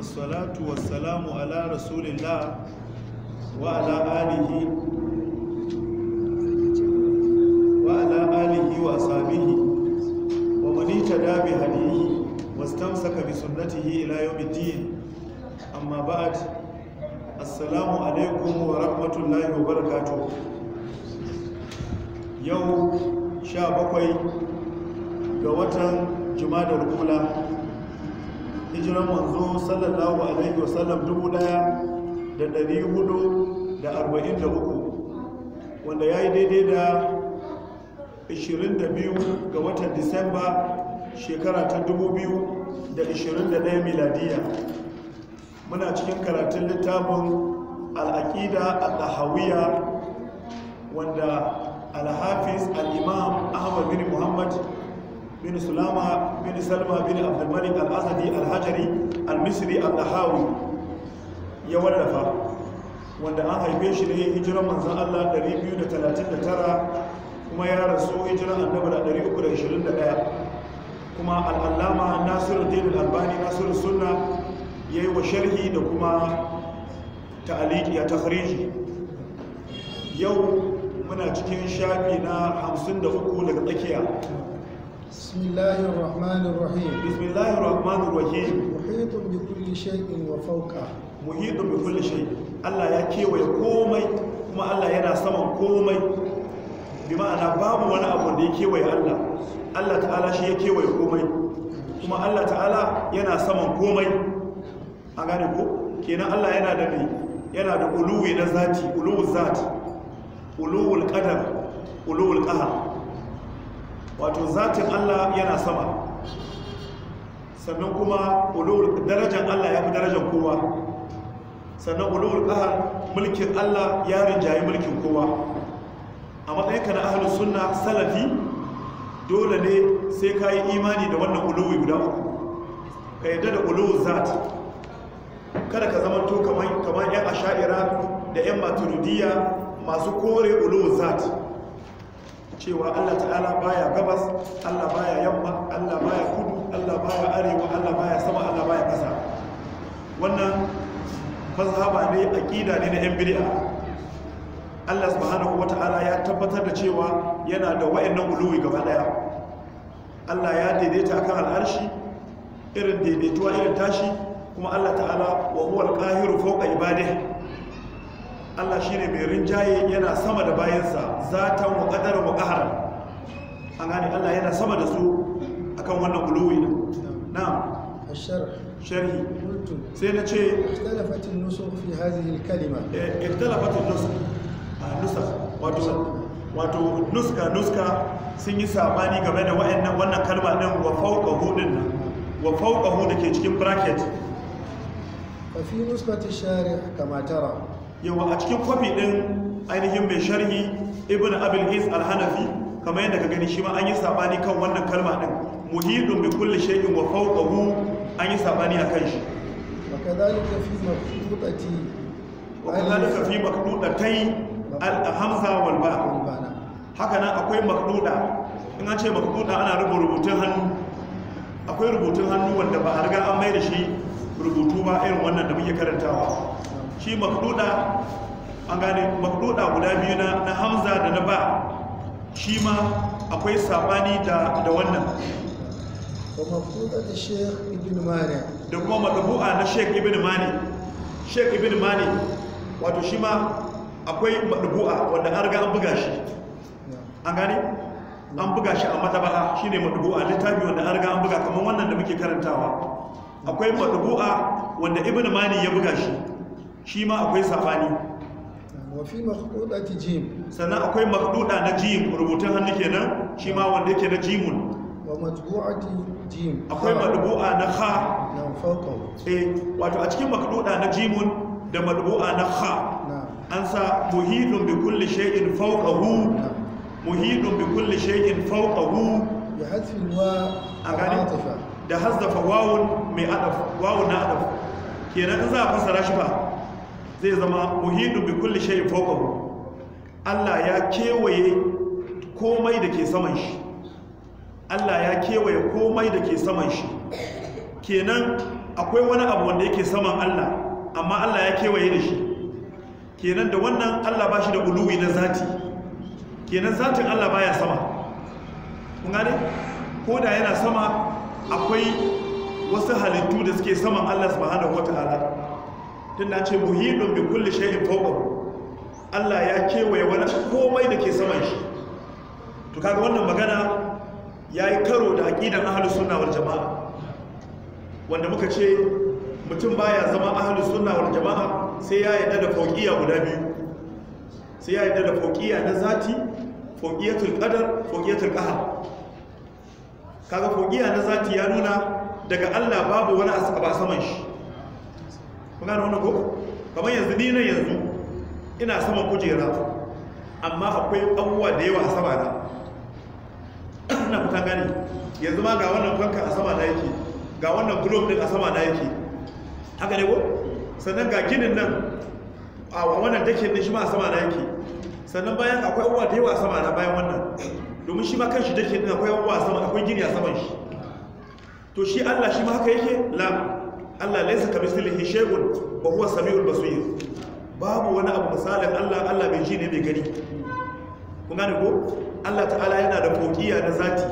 wassalatu wassalamu ala rasulillah wa ala alihi wa ala alihi wa ashabihi wa man ittaba bi hadihi wastamsaka bi sunnatihi ila yawmiddin amma ba'd assalamu alaikum wa rahmatullahi wa barakatuh yau 17 ga watan juma'a da rukula hijiran manzo sallallahu alaihi wasallam dubu daya da dari hudu da arba'in da uku wanda ya yi daidai da 22 ga watan disamba shekara ta 2021 miladiya muna cikin karatun littafin al'aƙida al'ahawiyya wanda alhafiz al'imam ahmad bin muhammad بن سلامة بن سلمة بن عبد الملك الأسدي الهجري المصري ya يولف wanda an haife shi ne hijiran manzan Allah 239 kuma ya rasu hijiran annabi da 321 kuma al'alama nasiru dinul albani nasiru sunna ya yi wa sharhi da kuma ta'aliki ya tahriji yau muna cikin shafi na 53 daga tsakiya Bismillahirrahmanirrahim. Bismillahirrahmanirrahim. Muhitu bi kulli shay'in wa fawqa. Muhitu bi kulli shay'. Allah ya kewaye komai kuma Allah yana saman komai. Bi ma'ana wani abu da yake kewaye Allah. Allah ta'ala shi ya kewaye komai. Kuma Allah ta'ala yana saman komai. An gane ko? Kenan Allah yana da mai yana da uluwi na zati, uluwuz zati, uluwul qadar, wato zatin Allah yana sama sannan kuma ulul darajar Allah ya fi darajar kowa sannan ulul qahar mulkin Allah ya rinjayi mulkin kowa a matsayinka na ahlus sunna salafi dole ne sai ka yi imani da wannan uluwi guda uku ka yadda da uluwu zat kada ka zama to kamar yan asha'ira da yan maturidiyya masu kore uluwu zat cewa Allah ta'ala baya gabas Allah baya yamma Allah baya kudu Allah baya arewa Allah baya sama Allah baya ƙasa wannan mazhaba ne aqida ne na yan bid'a Allah subhanahu wata'ala ya tabbatar da cewa yana da wayannan uluwi gaba daya Allah ya daidaita akan al'arshi irin daidaituwa irin tashi kuma Allah ta'ala wa huwa al-qahiru fawqa ibadihi Allah shine mai rinjaye yana sama da bayansa zatan wa qadaran wa qahran an gane Allah yana sama da su akan wannan guluwi din na'am الشرح شرحي قلت سينا شيء اختلفت النسخ في هذه الكلمة اختلفت النسخ النسخ واتو Wato nuska-nuska sun yi sabani game da wayannan wannan kalma din wa fawqa hudin nan wa fawqa hudin ke cikin bracket fa fi nuskhati shari' kama tara yawa a cikin kwafi ɗin ainihin mai sharhi ibn abil is al-hanafi kamar yadda ka gani shi ma an yi sabani kan wannan kalma din muhidun bi kulli shay'in wa fawqahu an yi sabani akan shi wakadhalika fi maqdudati wakadhalika fi maqdudatai al-hamza wal ba haka nan akwai maqduda in an ce maqduda ana rubuta rubutun hannu akwai rubutun hannu wanda ba a riga an mai da shi rubutu ba irin wannan da muke karantawa shi makduda an gane makduda guda biyu na hamza da na ba shi ma akwai sabani da wannan da kuma makabu'a na sheikh ibn mani sheikh ibn mani wato shi ma akwai makabu'a wanda an riga an buga shi an gane an buga shi a matabaha shi ne makabu'a littafi wanda an riga an buga kamar wannan da muke karantawa akwai makabu'a wanda ibn mani ya buga shi shi ma akwai safani wafi makhduda ti jim sannan akwai makhduda na jim rubutun hannu kenan shi ma wanda yake na jimun wa matbu'ati jim akwai madbu'a na kha na fawqa eh wato a cikin makhduda na jimun da madbu'a na kha an sa muhidun bi kulli shay'in fawqahu muhidun bi kulli shay'in fawqahu bi hadfi wa agani da hazzafa wawun mai adaf wawun na adaf kenan za a fasara shi ba zai zama muhidu bi kulli shay'in fawqahu Allah ya kewaye komai da saman shi Allah ya kewaye komai da saman shi kenan akwai wani abu wanda yake saman Allah amma Allah ya kewaye da shi kenan da wannan Allah ba shi da uluwi na zati kenan zatin Allah baya sama kun gane ko da yana sama akwai wasu halittu da suke saman Allah subhanahu wataala tunda na ce muhidun bi kulli shay'in fawqahu Allah ya kewaye wani komai da ke saman shi to kaga wannan magana yayi karo da aqidan ahlus sunna wal jamaa wanda muka ce mutum baya zama ahlus sunna wal jamaa sai ya yi da fawqiyya guda biyu sai ya yi da fawqiyya na zati fawqiyatul qadar fawqiyatul qahr kaga fawqiyya na zati ya nuna daga Allah babu wani asaba saman shi kun gano wani ko kamar yanzu ni na yanzu ina saman kujera amma akwai abubuwa da yawa a sama na ina fita gani yanzu ma ga wannan fanka a sama na yake ga wannan globe din a sama na yake haka ne ko sannan ga ginin nan a wannan dakin din shi ma a sama na yake sannan bayan akwai abubuwa da yawa a sama na bayan wannan domin shi ma kan shi dakin din akwai abubuwa a sama akwai gini a saman shi to shi Allah shi ma haka yake la Allah laysa kamithlihi shay'un wa huwa samiul basir babu wani abu misalin Allah Allah bai ji ne bai gani kun gane ko Allah ta'ala yana da kokiya na zati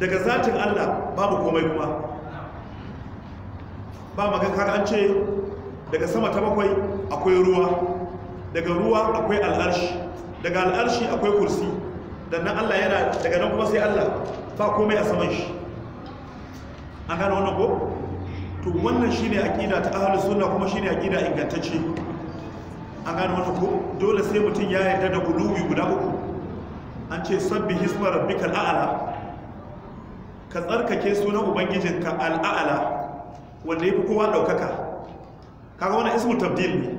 daga zatin Allah babu komai kuma ba maga ka an ce daga sama ta bakwai akwai ruwa daga ruwa akwai al'arshi daga al'arshi akwai kursi nan Allah yana daga nan kuma sai Allah ba komai a saman shi an gane wannan ko to wannan shine aqida ta ahlus sunna kuma shine aqida ingantacce an gane wannan ko dole sai mutum ya yarda da uluwi guda uku an ce sabbi hisma rabbikal a'la ka tsarkake sunan ubangijinka al'a'la wanda yafi kowa daukaka kaga wannan ismu tabdil ne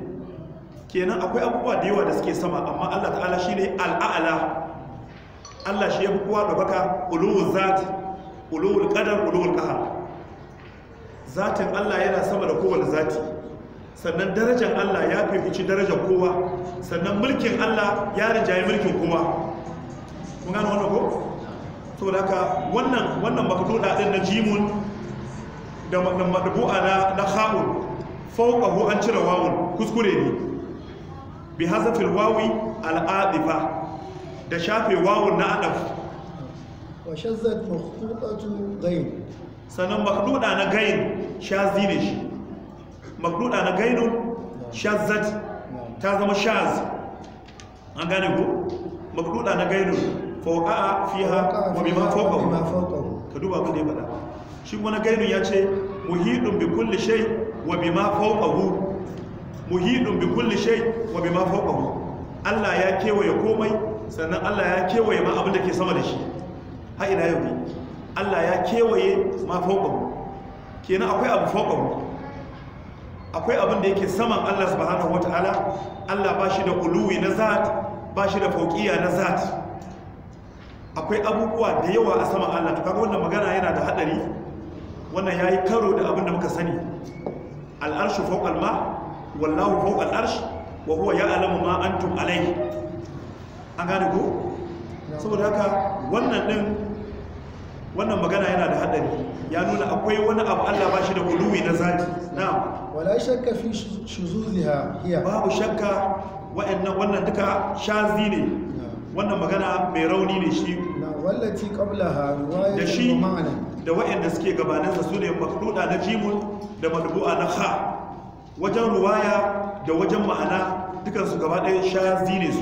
kenan akwai abubuwa da yawa da suke sama amma Allah ta'ala shine al'a'la Allah shi yafi kowa daukaka ulul zat ulul qadar ulul qahar zatin Allah yana sama da kowane zati sannan darajar Allah ya fifici darajar kowa sannan mulkin Allah ya rinjaye mulkin kowa kun gano wannan ko da haka wannan wannan makduda din na jimun da madbu'a na na kha'un fawqahu an cire wawun kuskure ne bi hazafil wawi al'adifa da shafe wawun na adaf wa shazzat makhtuqatu ghayr sannan makduda na gain shazi ne shi makduda na gainun shazzat ta zama shaz an gane ku makduda na gainun fawqa'a fiha wa bima fawqahu ka duba abin da ya bada shi wani gainun ya ce muhidun bi kulli shay wa bima fawqahu muhidun bi kulli shay wa bima fawqahu Allah ya kewaye komai sannan Allah ya kewaye ma abin da ke sama da shi ha ila yau Allah ya kewaye ma fawqahu kenan akwai abu fawqahu akwai abin da yake saman Allah subhanahu ala Allah ba shi da uluwi na zat ba shi da fokiya na zat akwai abubuwa da yawa a saman Allah ta kaga wannan magana yana da hadari wannan ya yi karo da abin da muka sani al'arshi fokon ma wallahu fokon al'arshi wa huwa ya'lamu ma antum alai an gane ko saboda haka wannan din wannan magana yana da hadari ya nuna akwai wani abu Allah ba shi da kuluwi na zati na wala shakka fi shuzuziha hiya babu shakka wa'annan wannan duka shazi ne wannan magana mai rauni ne shi na wallati qablaha da ma'ana da wa'anda suke gabanin sa sune maqduda na jimun da madbu'a na kha wajen ruwaya da wajen ma'ana dukan su gaba ɗaya shazi ne su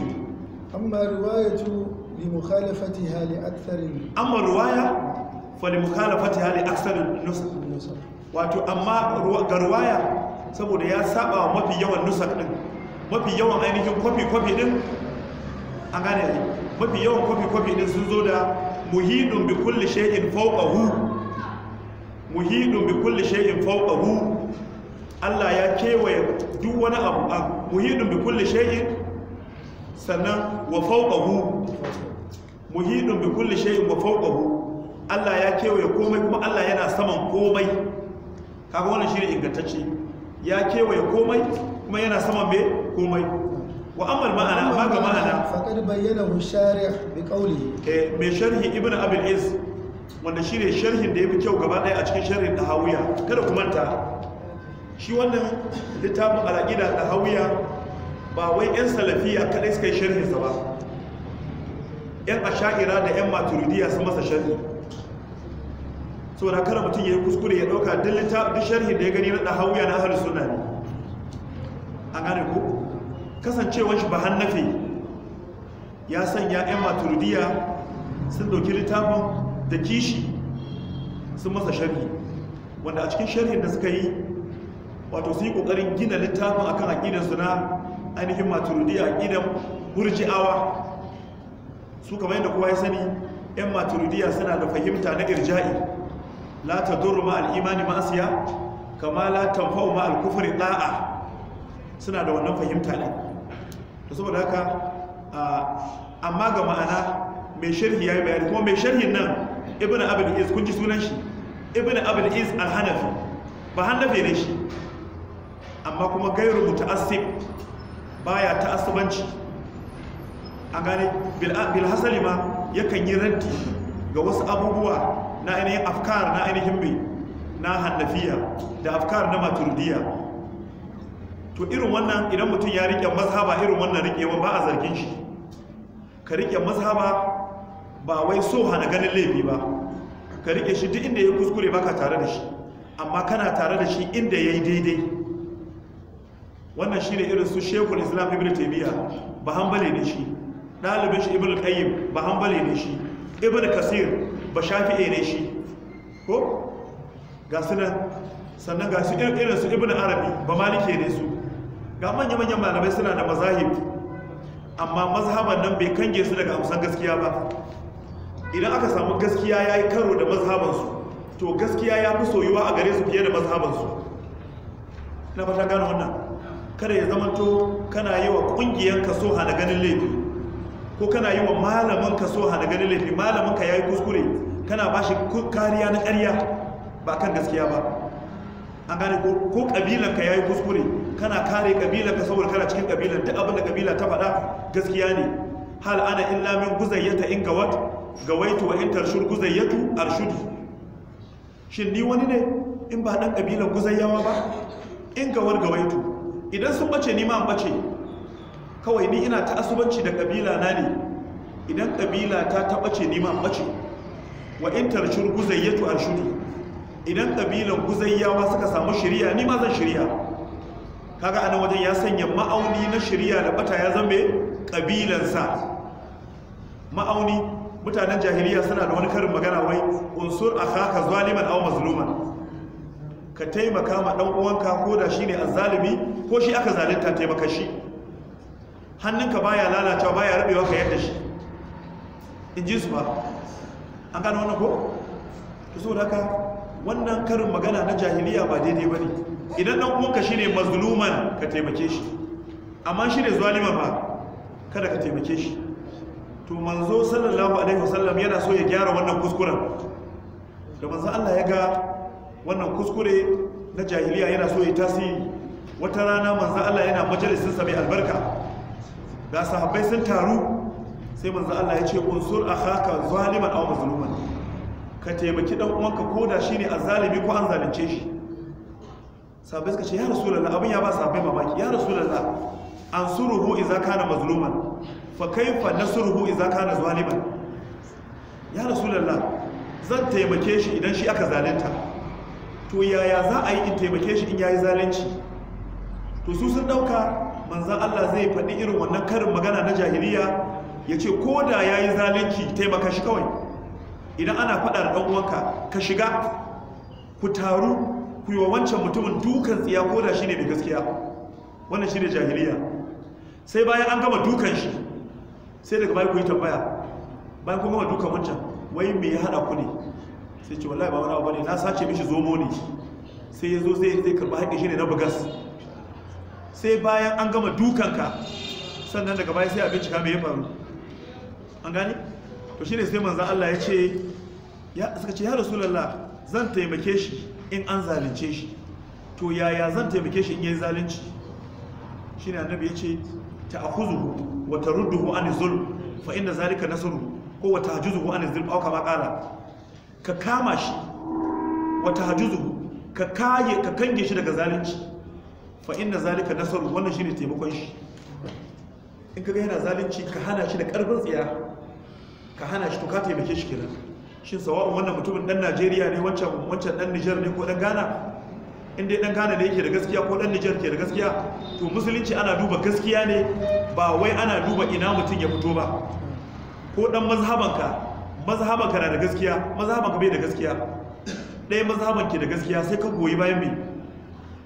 amma riwayatu li mukhalafatiha li akthar amma ruwaya? fati hali aksarin nusa. wato amma garwaya saboda ya saba wa mafi yawan nusar din mafi yawan ainihin kwafi-kwafi din an gane mafi yawan kwafi-kwafi din sun zo da muhidun bi kulli shay'in fawqahu muhidun bi kulli shay'in fawqahu Allah ya kewaye duk wani abu muhidun bi kulli shay'in sannan wa hu. muhidun bi kulli shay'in wa hu. Allah ya kewaye komai kuma Allah yana saman komai kaga wannan shine ingantacce ya kewaye komai kuma yana saman me komai wa amma ma'ana amma ga ma'ana faqad bayyana hu sharih bi qawli eh me sharhi Ibn Abil iz wanda shine sharhin da yafi kyau gaba daya a cikin sharhin hawiya kada ku manta shi wannan littafin al-aqida hawiya ba wai yan salafiya kadai suka yi sharhin sa ba yan asha'ira da yan maturidiya sun masa sharhi saboda kada mutum ya yi kuskure ya ɗauka duk littafin da ya gani na ɗahawuya na ahalus ne an gane ku kasancewar shi ba hannafe ya sanya 'yan maturidiyya sun ɗauki littafin da kishi sun masa sharhi wanda a cikin sharhin da suka yi wato su yi ƙoƙarin gina littafin akan aƙidansu na ainihin maturidiya aƙidan burji'awa su kamar yadda kowa ya sani 'yan maturidiyya suna da fahimta na irja'i la tadurru ma al-imani ma'asiya kama la tanfa'u ma al-kufri suna da wannan fahimta ne saboda haka amma ga ma'ana mai ya yi bayani kuma mai sharhin nan ibn Abin Is kun ji sunan shi ibn abul iz al ba hanafi ne shi amma kuma gairu muta'assib baya ta'assubanci A gane bil ma yakan yi ranti ga wasu abubuwa na ainihin afkar na ainihin mai na hannafiya da afkar na maturidiya to irin wannan idan mutum ya rike mazhaba irin wannan rikewa ba a zargin shi ka rike mazhaba ba wai so hana ganin laifi ba ka rike shi duk inda ya kuskure baka tare da shi amma kana tare da shi inda ya yi daidai wannan shi ne irin su shekul islam ibn taimiyya ba hambale ne shi ɗalibin shi ibn ba hambale ne shi ibn kasir ba shafi'e ne shi ko ga su nan sannan ga su irin su ibn arabi ba malike ne su ga manya-manyan malamai suna da mazahib amma mazhaban nan bai kange su daga amsan gaskiya ba idan aka samu gaskiya ya yi karo da mazhabansu to gaskiya ya fi soyuwa a gare su fiye da mazhabansu na fata gano wannan kada ya zamanto kana yi wa ƙungiyar kaso hana ganin laifi ko kana yi wa malamin ka so hana ganin laifi malamin ka yayi kuskure kana bashi kariya na ƙarya ba kan gaskiya ba an gane ko ko kabilan ka yayi kuskure kana kare kabilan ka saboda kana cikin kabilan duk abin da kabila ta faɗa gaskiya ne hal ana illa min guzayyata in gawat gawaitu wa in tarshur guzayyatu arshudi shin ni wani ne in ba dan kabilan guzayyawa ba in gawar gawaitu idan sun bace ni ma an bace kawai ni ina ta asubanci da kabila na ne idan kabila ta taɓace ce ma mace, wa in tarshur guzayyatu idan kabilan guzayyawa suka samu shiriya ni ma zan shiriya kaga anan wajen ya sanya ma'auni na shiriya da bata ya zambe kabilansa ma'auni mutanen jahiliya suna da wani karin magana wai unsur akhaka zaliman aw mazluman ka taimaka ma dan uwanka ko da shine azzalimi ko shi aka zalunta taimaka shi hannunka baya lalacewa baya rabewa ka yadda shi in ji su ba an gano wannan ko to so haka wannan karin magana na jahiliya ba daidai ba ne idan ɗan ka shi ne mazluman ka taimake shi amma shi ne ba kada ka taimake shi to manzo sallallahu alaihi wasallam yana so ya gyara wannan kuskuren da manzo Allah ya ga wannan kuskure na jahiliya yana so ya tasiri wata rana manzo Allah yana majalisin da mai albarka ga sahabbai sun taru sai manzo Allah ya ce unsur akhaka zaliman aw mazluman ka taimaki dan uwanka koda shine azzalimi ko an zalunce shi sahabbai suka ce ya rasulullah abin ya ba sahabbai mamaki ya rasulullah ansuruhu idza kana mazluman fa kaifa nasruhu idza kana zaliman ya rasulullah zan taimake shi idan shi aka zalunta to yaya za a yi in taimake shi in yayi zalunci to su sun dauka manzan Allah zai faɗi irin wannan karin magana na jahiliya ya ce ko da ya yi zalunci taimaka shi kawai idan ana faɗa da ɗan'uwanka ka shiga ku taru ku yi wa wancan mutumin dukan tsiya ko da shi ne mai gaskiya wannan shi ne jahiliya sai bayan an gama dukan shi sai daga bayan ku yi tambaya bayan ku gama dukan wancan wai me ya haɗa ku ne sai ce wallahi ba wani abu ne na sace mishi zomo ne sai ya zo zai karɓi haƙƙi shi ne na bugas sai bayan an gama dukanka sannan daga bayan sai a bincika mai ya faru an gane to shi ne sai manzan Allah ya ce ya suka ce ya rasulallah zan taimake shi in an zalunce shi to yaya zan taimake shi in yi zalunci shi ne annabi ya ce ta akuzuhu wata ta rudduhu an zulm fa inna zalika nasru ko wata tahjuzuhu an zulm au kama kala ka kama shi wata tahjuzuhu ka ka kange shi daga zalunci fa inda zalika nasaru wannan shine taimakon shi in ka ga yana zalunci ka hana shi da karfin tsiya ka hana shi to ka taimake shi kenan shin sawa'un wannan mutumin dan Najeriya ne wancan wancan dan Niger ne ko dan Ghana in dai dan Ghana ne yake da gaskiya ko dan Niger ke da gaskiya to musulunci ana duba gaskiya ne ba wai ana duba ina mutum ya fito ba ko dan mazhabanka mazhabanka na da gaskiya mazhabanka bai da gaskiya ɗaya mazhaban ke da gaskiya sai ka goyi bayan mai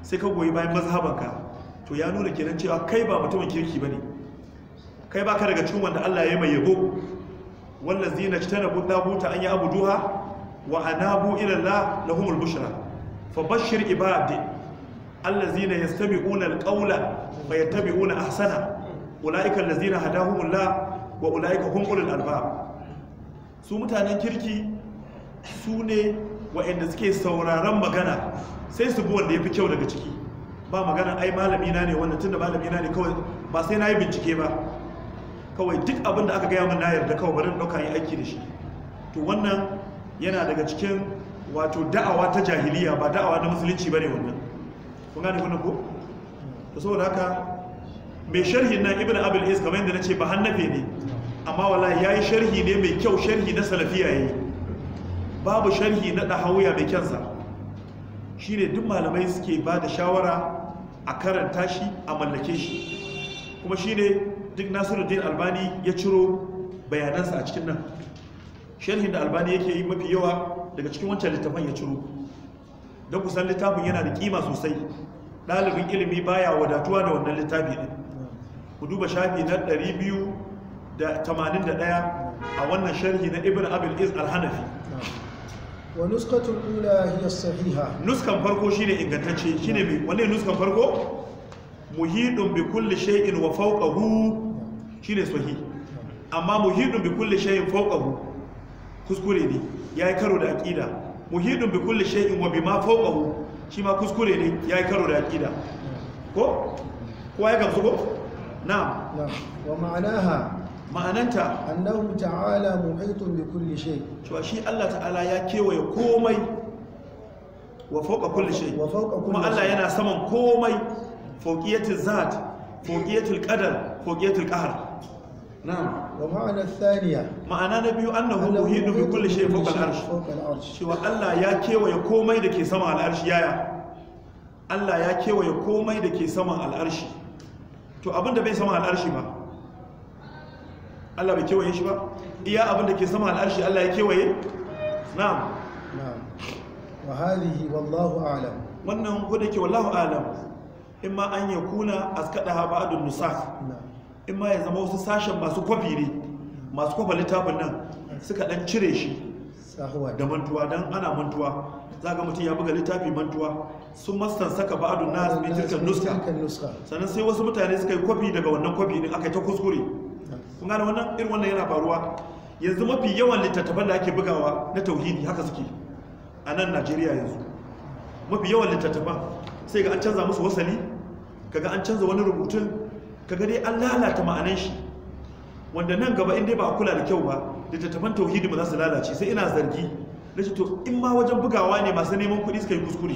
sai ka goyi bayan mazhabanka to ya nuna kenan cewa kai ba mutumin kirki ba ne. kai baka daga cikin wanda Allah ya mai yabo wallazina jtanabu buta an ya duha. wa anabu ila Allah lahumul bushra bashir ibadi allazina yastami'una alqawla wa yattabi'una ahsana ulaika allazina hadahumullah wa ulaika hum ulul su mutanen kirki su ne inda suke sauraron magana sai su bi wanda ya fi kyau daga ciki ba magana ai malami na ne wannan tunda malami na ne kawai ba sai na yi bincike ba kawai duk abin da aka gaya min na yarda kawai barin ɗauka yi aiki da shi to wannan yana daga cikin wato da'awa ta jahiliya ba da'awa na musulunci ba ne wannan kun gane wannan ko to saboda haka mai sharhin na ibn abul is kamar yadda na ce ba hannafe ne amma wallahi ya yi sharhi ne mai kyau sharhi na salafiya yayi babu sharhi na Hauya mai kyansa shine duk malamai suke ba da shawara a karanta shi a mallake shi kuma shine duk nasiruddin albani ya ciro bayanansa a cikin nan sharhin da albani yake yi mafi yawa daga cikin wancan littafin ya ciro don kusan littafin yana da kima sosai ɗalibin ilimi baya wadatuwa da wannan littafi ɗin ku duba shafi na 281 a wannan sharhi na ibn abil iz al-hanafi wa nuskatul ula hiya sahiha nuskan farko shine ingantacce shine mai wanne nuskan farko muhidun bi kulli shay'in wa fawqahu shine sahih amma muhidun bi kulli shay'in fawqahu kuskure ne yayi karo da aqida muhidun bi kulli shay'in wa bima fawqahu shi ma kuskure ne yayi karo da aqida ko ko wa ma'anaha ma'ananta annahu ta'ala muhitun bi kulli shay cewa shi Allah ta'ala ya kewaye komai wa fawqa kulli shay wa fawqa kuma Allah yana saman komai fawqiyatu zat fawqiyatu qadar fawqiyatu qahr na'am wa ma'ana thaniya ma'ana na biyu annahu muhitun bi kulli shay fawqa al-arsh cewa Allah ya kewaye komai da ke sama al yaya Allah ya kewaye komai da ke sama al to abinda bai saman al'arshi ba Allah bai kewaye shi ba iya abin da ke sama al'arshi Allah ya kewaye na'am na'am wa halihi wallahu a'lam wannan ko da ke wallahu a'lam in ma an yakuna askadaha ba'dun nusakh in ma ya zama wasu sashen masu kwafi ne masu kwafa littafin nan suka dan cire shi da mantuwa dan ana mantuwa za ga mutum ya buga littafi mantuwa sun mastan saka ba'adun nas min tilkan nuska sannan sai wasu mutane suka yi kwafi daga wannan kwafi din aka yi ta kuskure Kuma gane wannan irin wannan yana faruwa yanzu mafi yawan littattafan da ake bugawa na tauhidi haka suke a nan najeriya yanzu mafi yawan littattafan sai ga an canza musu wasali kaga an canza wani rubutun kaga dai an lalata ma'anan shi wanda nan gaba in dai ba a kula da kyau ba littattafan tauhidi ba za su lalace sai ina zargi na to in ma wajen bugawa ne masu neman kuɗi suka yi kuskure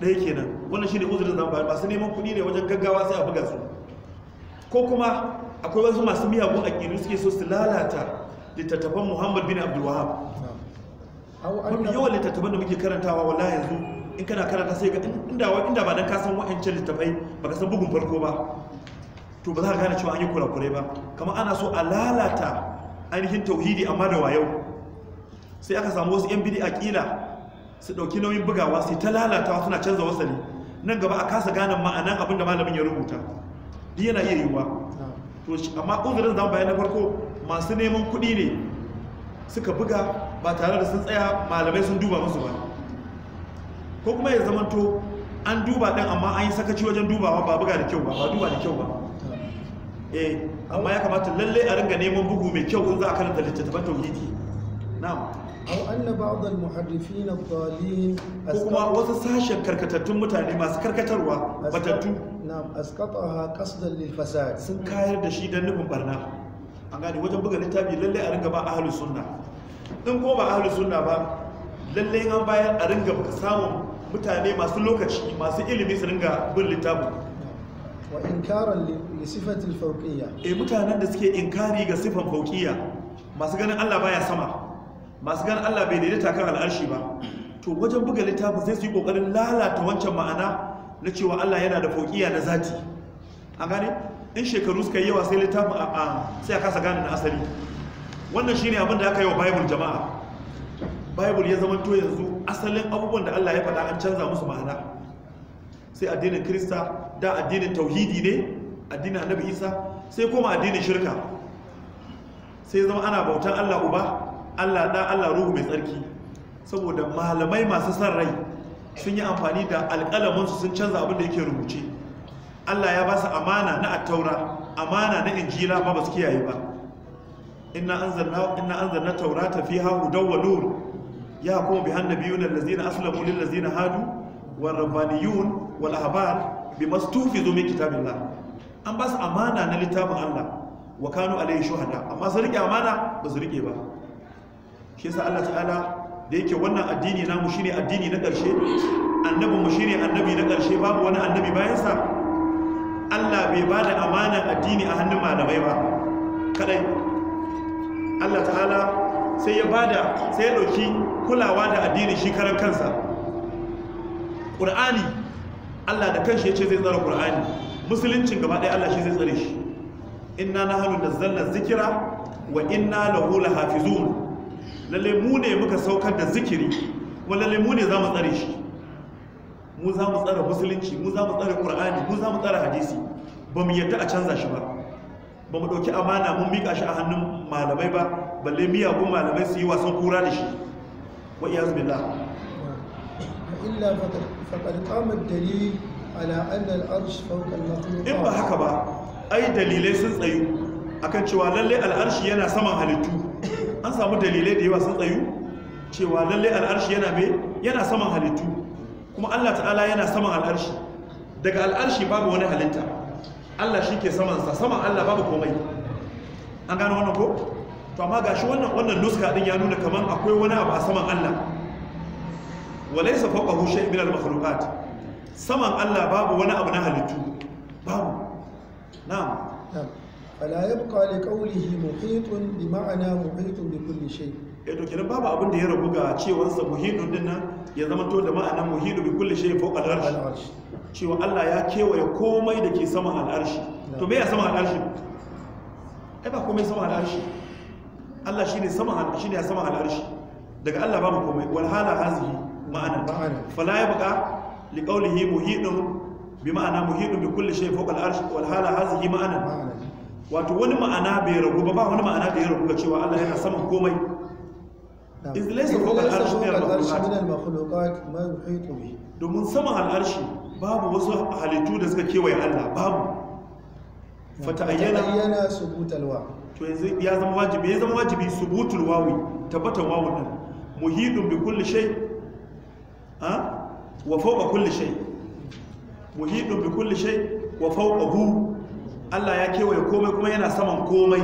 ɗaya kenan wannan shi ne uzurin zan masu neman kuɗi ne wajen gaggawa sai a buga su ko kuma akwai wasu masu miyagun aƙidu suke so su lalata littattafan muhammad bin abdulwahab mafi yawan littattafan da muke karantawa wala yanzu in kana karanta sai ga inda ba don kasan wa'ancan littattafai ba ka san bugun farko ba to ba za ka gane cewa an yi kurakurai ba kamar ana so a lalata ainihin tauhidi amma da wayau sai aka samu wasu yan bidi aƙila su ɗauki nauyin bugawa sai ta lalatawa suna canza wasali nan gaba a kasa gane ma'anan abin da malamin ya rubuta yana iya yiwuwa to amma uzurin zan bayan na farko masu neman kuɗi ne suka buga ba tare da sun tsaya malamai sun duba musu ba ko kuma ya to an duba ɗin amma an yi sakaci wajen dubawa ba buga da kyau ba ba duba da kyau ba eh amma ya kamata lalle a ringa neman bugu mai kyau in za a karanta littattafan tauhidi na'am aw anna ba'd al muharrifin ad-dallin ko kuma wasu sashen karkatattun mutane masu karkatarwa batattu na'am asqataha qasdan lil fasad sun kayar da shi dan nufin barna an gane wajen buga littafi lalle a ringa ba ahlus sunna din ko ba ahlus sunna ba lalle an bayar a ringa samun mutane masu lokaci masu ilimi su ringa bin littafin wa inkara li sifatil fawqiyya eh mutanen da suke inkari ga sifan fawqiyya masu ganin Allah baya sama masu ganin Allah bai daidaita kan al'arshi ba to wajen buga littafin sai su yi kokarin lalata wancan ma'ana na cewa Allah yana da fauƙiya na zati A gane in shekaru suka yi yawa sai littafin a sai a kasa gane na asali wannan shine abin da aka yi wa bible jama'a bible ya zama to yanzu asalin abubuwan da Allah ya faɗa an canza musu ma'ana sai addinin krista da addinin tauhidi ne addinin annabi isa sai kuma addinin shirka sai zama ana bautan Allah uba Allah da Allah ruhu mai tsarki saboda malamai masu san rai sun yi amfani da alƙalaminsu sun canza abin da yake rubuce Allah ya ba su amana na attaura amana na injila ma ba su kiyaye ba inna anzalna inna anzalna taurata fiha hudaw wa nur ya kuma bi hannabiyuna allazina aslamu lil ladzina hadu war rabbaniyun wal ahbar bima stufizu min kitabillah an ba su amana na littafin Allah wa kanu alayhi shuhada amma su rike amana ba su rike ba shi yasa Allah ta'ala da yake wannan addini namu shine addini na ƙarshe mu shine annabi na ƙarshe babu wani annabi bayansa Allah bai ba da amanan addini a hannun malamai ba kadai Allah ta'ala sai ya bada sai ya ɗauki kulawa da addini shi karan kansa ƙur'ani Allah da kanshi ya ce zai tsara Kur'ani. musuluncin gaba ɗaya Allah shi zai tsare shi inna nahnu nazzalna zikira wa inna lahu lahafizun lalle mu ne muka saukar da zikiri kuma lalle mu ne za mu tsare shi mu za mu tsare musulunci mu za mu tsare ƙur'ani mu za mu tsare hadisi ba mu yadda a canza shi ba ba mu ɗauki amana mun miƙa shi a hannun malamai ba balle miyagun malamai su yi wasan kura da shi wa iyaz billah illa faqad qama ad-dalil ala anna al-arsh fawqa al in ba haka ba ai dalilai sun tsayu akan cewa lalle al-arsh yana saman halittu an samu dalilai da yawa sun tsayu cewa lallai al'arshi yana mai yana saman halittu kuma Allah ta'ala yana saman al'arshi daga al'arshi babu wani halitta Allah shi ke samansa saman Allah babu komai an gano wannan ko? to amma gashi shi wannan nuska din ya nuna kaman akwai wani abu a saman Allah walaysa fawqahu shay'un min al-makhluqat saman Allah babu wani abu na halittu babu na'am fala yabqa li qawlihi muhitun bi ma'ana muhitun bi kulli shay eh to kenan babu abin da ya rabu ga cewar sa muhitun din nan ya zama to da ma'anan muhitu bi kulli shay fawqa al-arsh cewa Allah ya kewaye komai da ke saman al-arshi to me ya saman al-arshi ai ba komai saman al-arshi Allah shine saman shine ya saman al-arshi daga Allah babu komai wal hala hazihi ma'ana fala yabqa li qawlihi muhitun bi ma'ana muhitun bi kulli shay fawqa al-arsh wal hala hazihi ma'ana wato wani ma'ana bai ragu ba ba wani ma'ana da ya ragu ga cewa Allah yana saman komai iz ko al'arshi ne arshi min al domin saman al'arshi babu wasu halittu da suka kewaye Allah babu fata'ayyana yana subutal wa to yanzu ya zama wajibi ya zama wajibi subutul wawi tabbatan wawun nan muhidun bi kulli shay ha wa fawqa kulli shay muhidun bi kulli shay wa fawqahu Allah ya kewaye komai kuma yana saman komai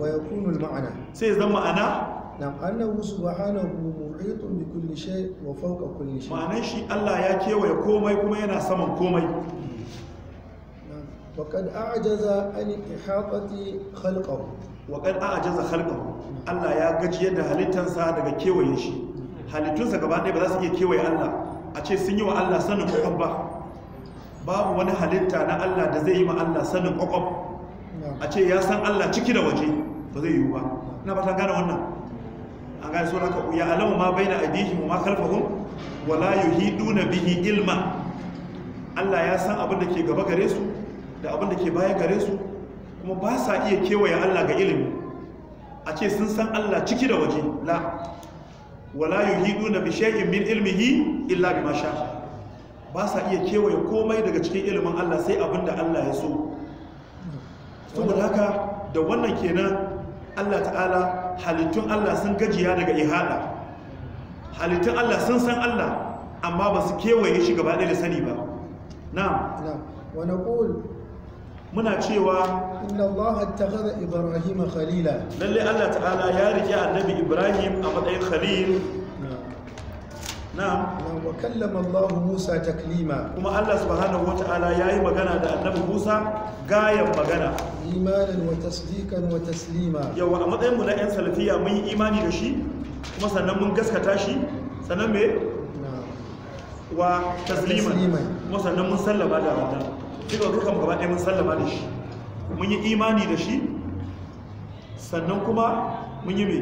wa yakunu ma'ana sai zan ma'ana nam annahu subhanahu muhitun bi kulli shay wa fawqa kulli shay ma'anan shi Allah ya kewaye komai kuma yana saman komai وقد أعجز عن إحاطة خلقه وقد أعجز خلقه الله يا gaji yadda halittansa daga kewaye shi halittunsa gaba ɗaya ba za su iya kewaye Allah a ce sun yi wa Allah sanin kuma babu wani halitta na Allah da zai yi ma Allah sanin kwakwam a ce ya san Allah ciki da waje ba zai yiwu ba ina ba ta gane wannan a gane so haka ya alamu ma bai na adihi ma kalfahun wala yuhidu duna bihi ilma Allah ya san abin da ke gaba gare su da abin da ke baya gare su kuma ba sa iya kewaye Allah ga ilimi a ce sun san Allah ciki da waje la wala yuhidu duna bi shay'in min ilmihi illa ma sha'a ba sa iya kewaye komai daga cikin ilimin Allah sai abin da Allah ya so saboda haka da wannan kenan Allah ta'ala halittun Allah sun gajiya daga ihada halittun Allah sun san Allah amma ba su kewaye shi gaba ɗaya da sani ba na'am muna cewa inna Allah ittakhadha Ibrahim khalila lalle Allah ta'ala ya rike annabi Ibrahim a matsayin khalil na'am wa kallama Allah Musa taklima kuma Allah subhanahu wata'ala yayi magana da annabi Musa gayan magana imanan wa tasdiqan wa taslima yawa a matsayin mu na yan salafiya mun yi imani da shi kuma sannan mun gaskata shi sannan me wa tasliman kuma sannan mun sallama da wannan duka dukan gaba ɗaya mun sallama da shi mun yi imani da shi sannan kuma mun yi me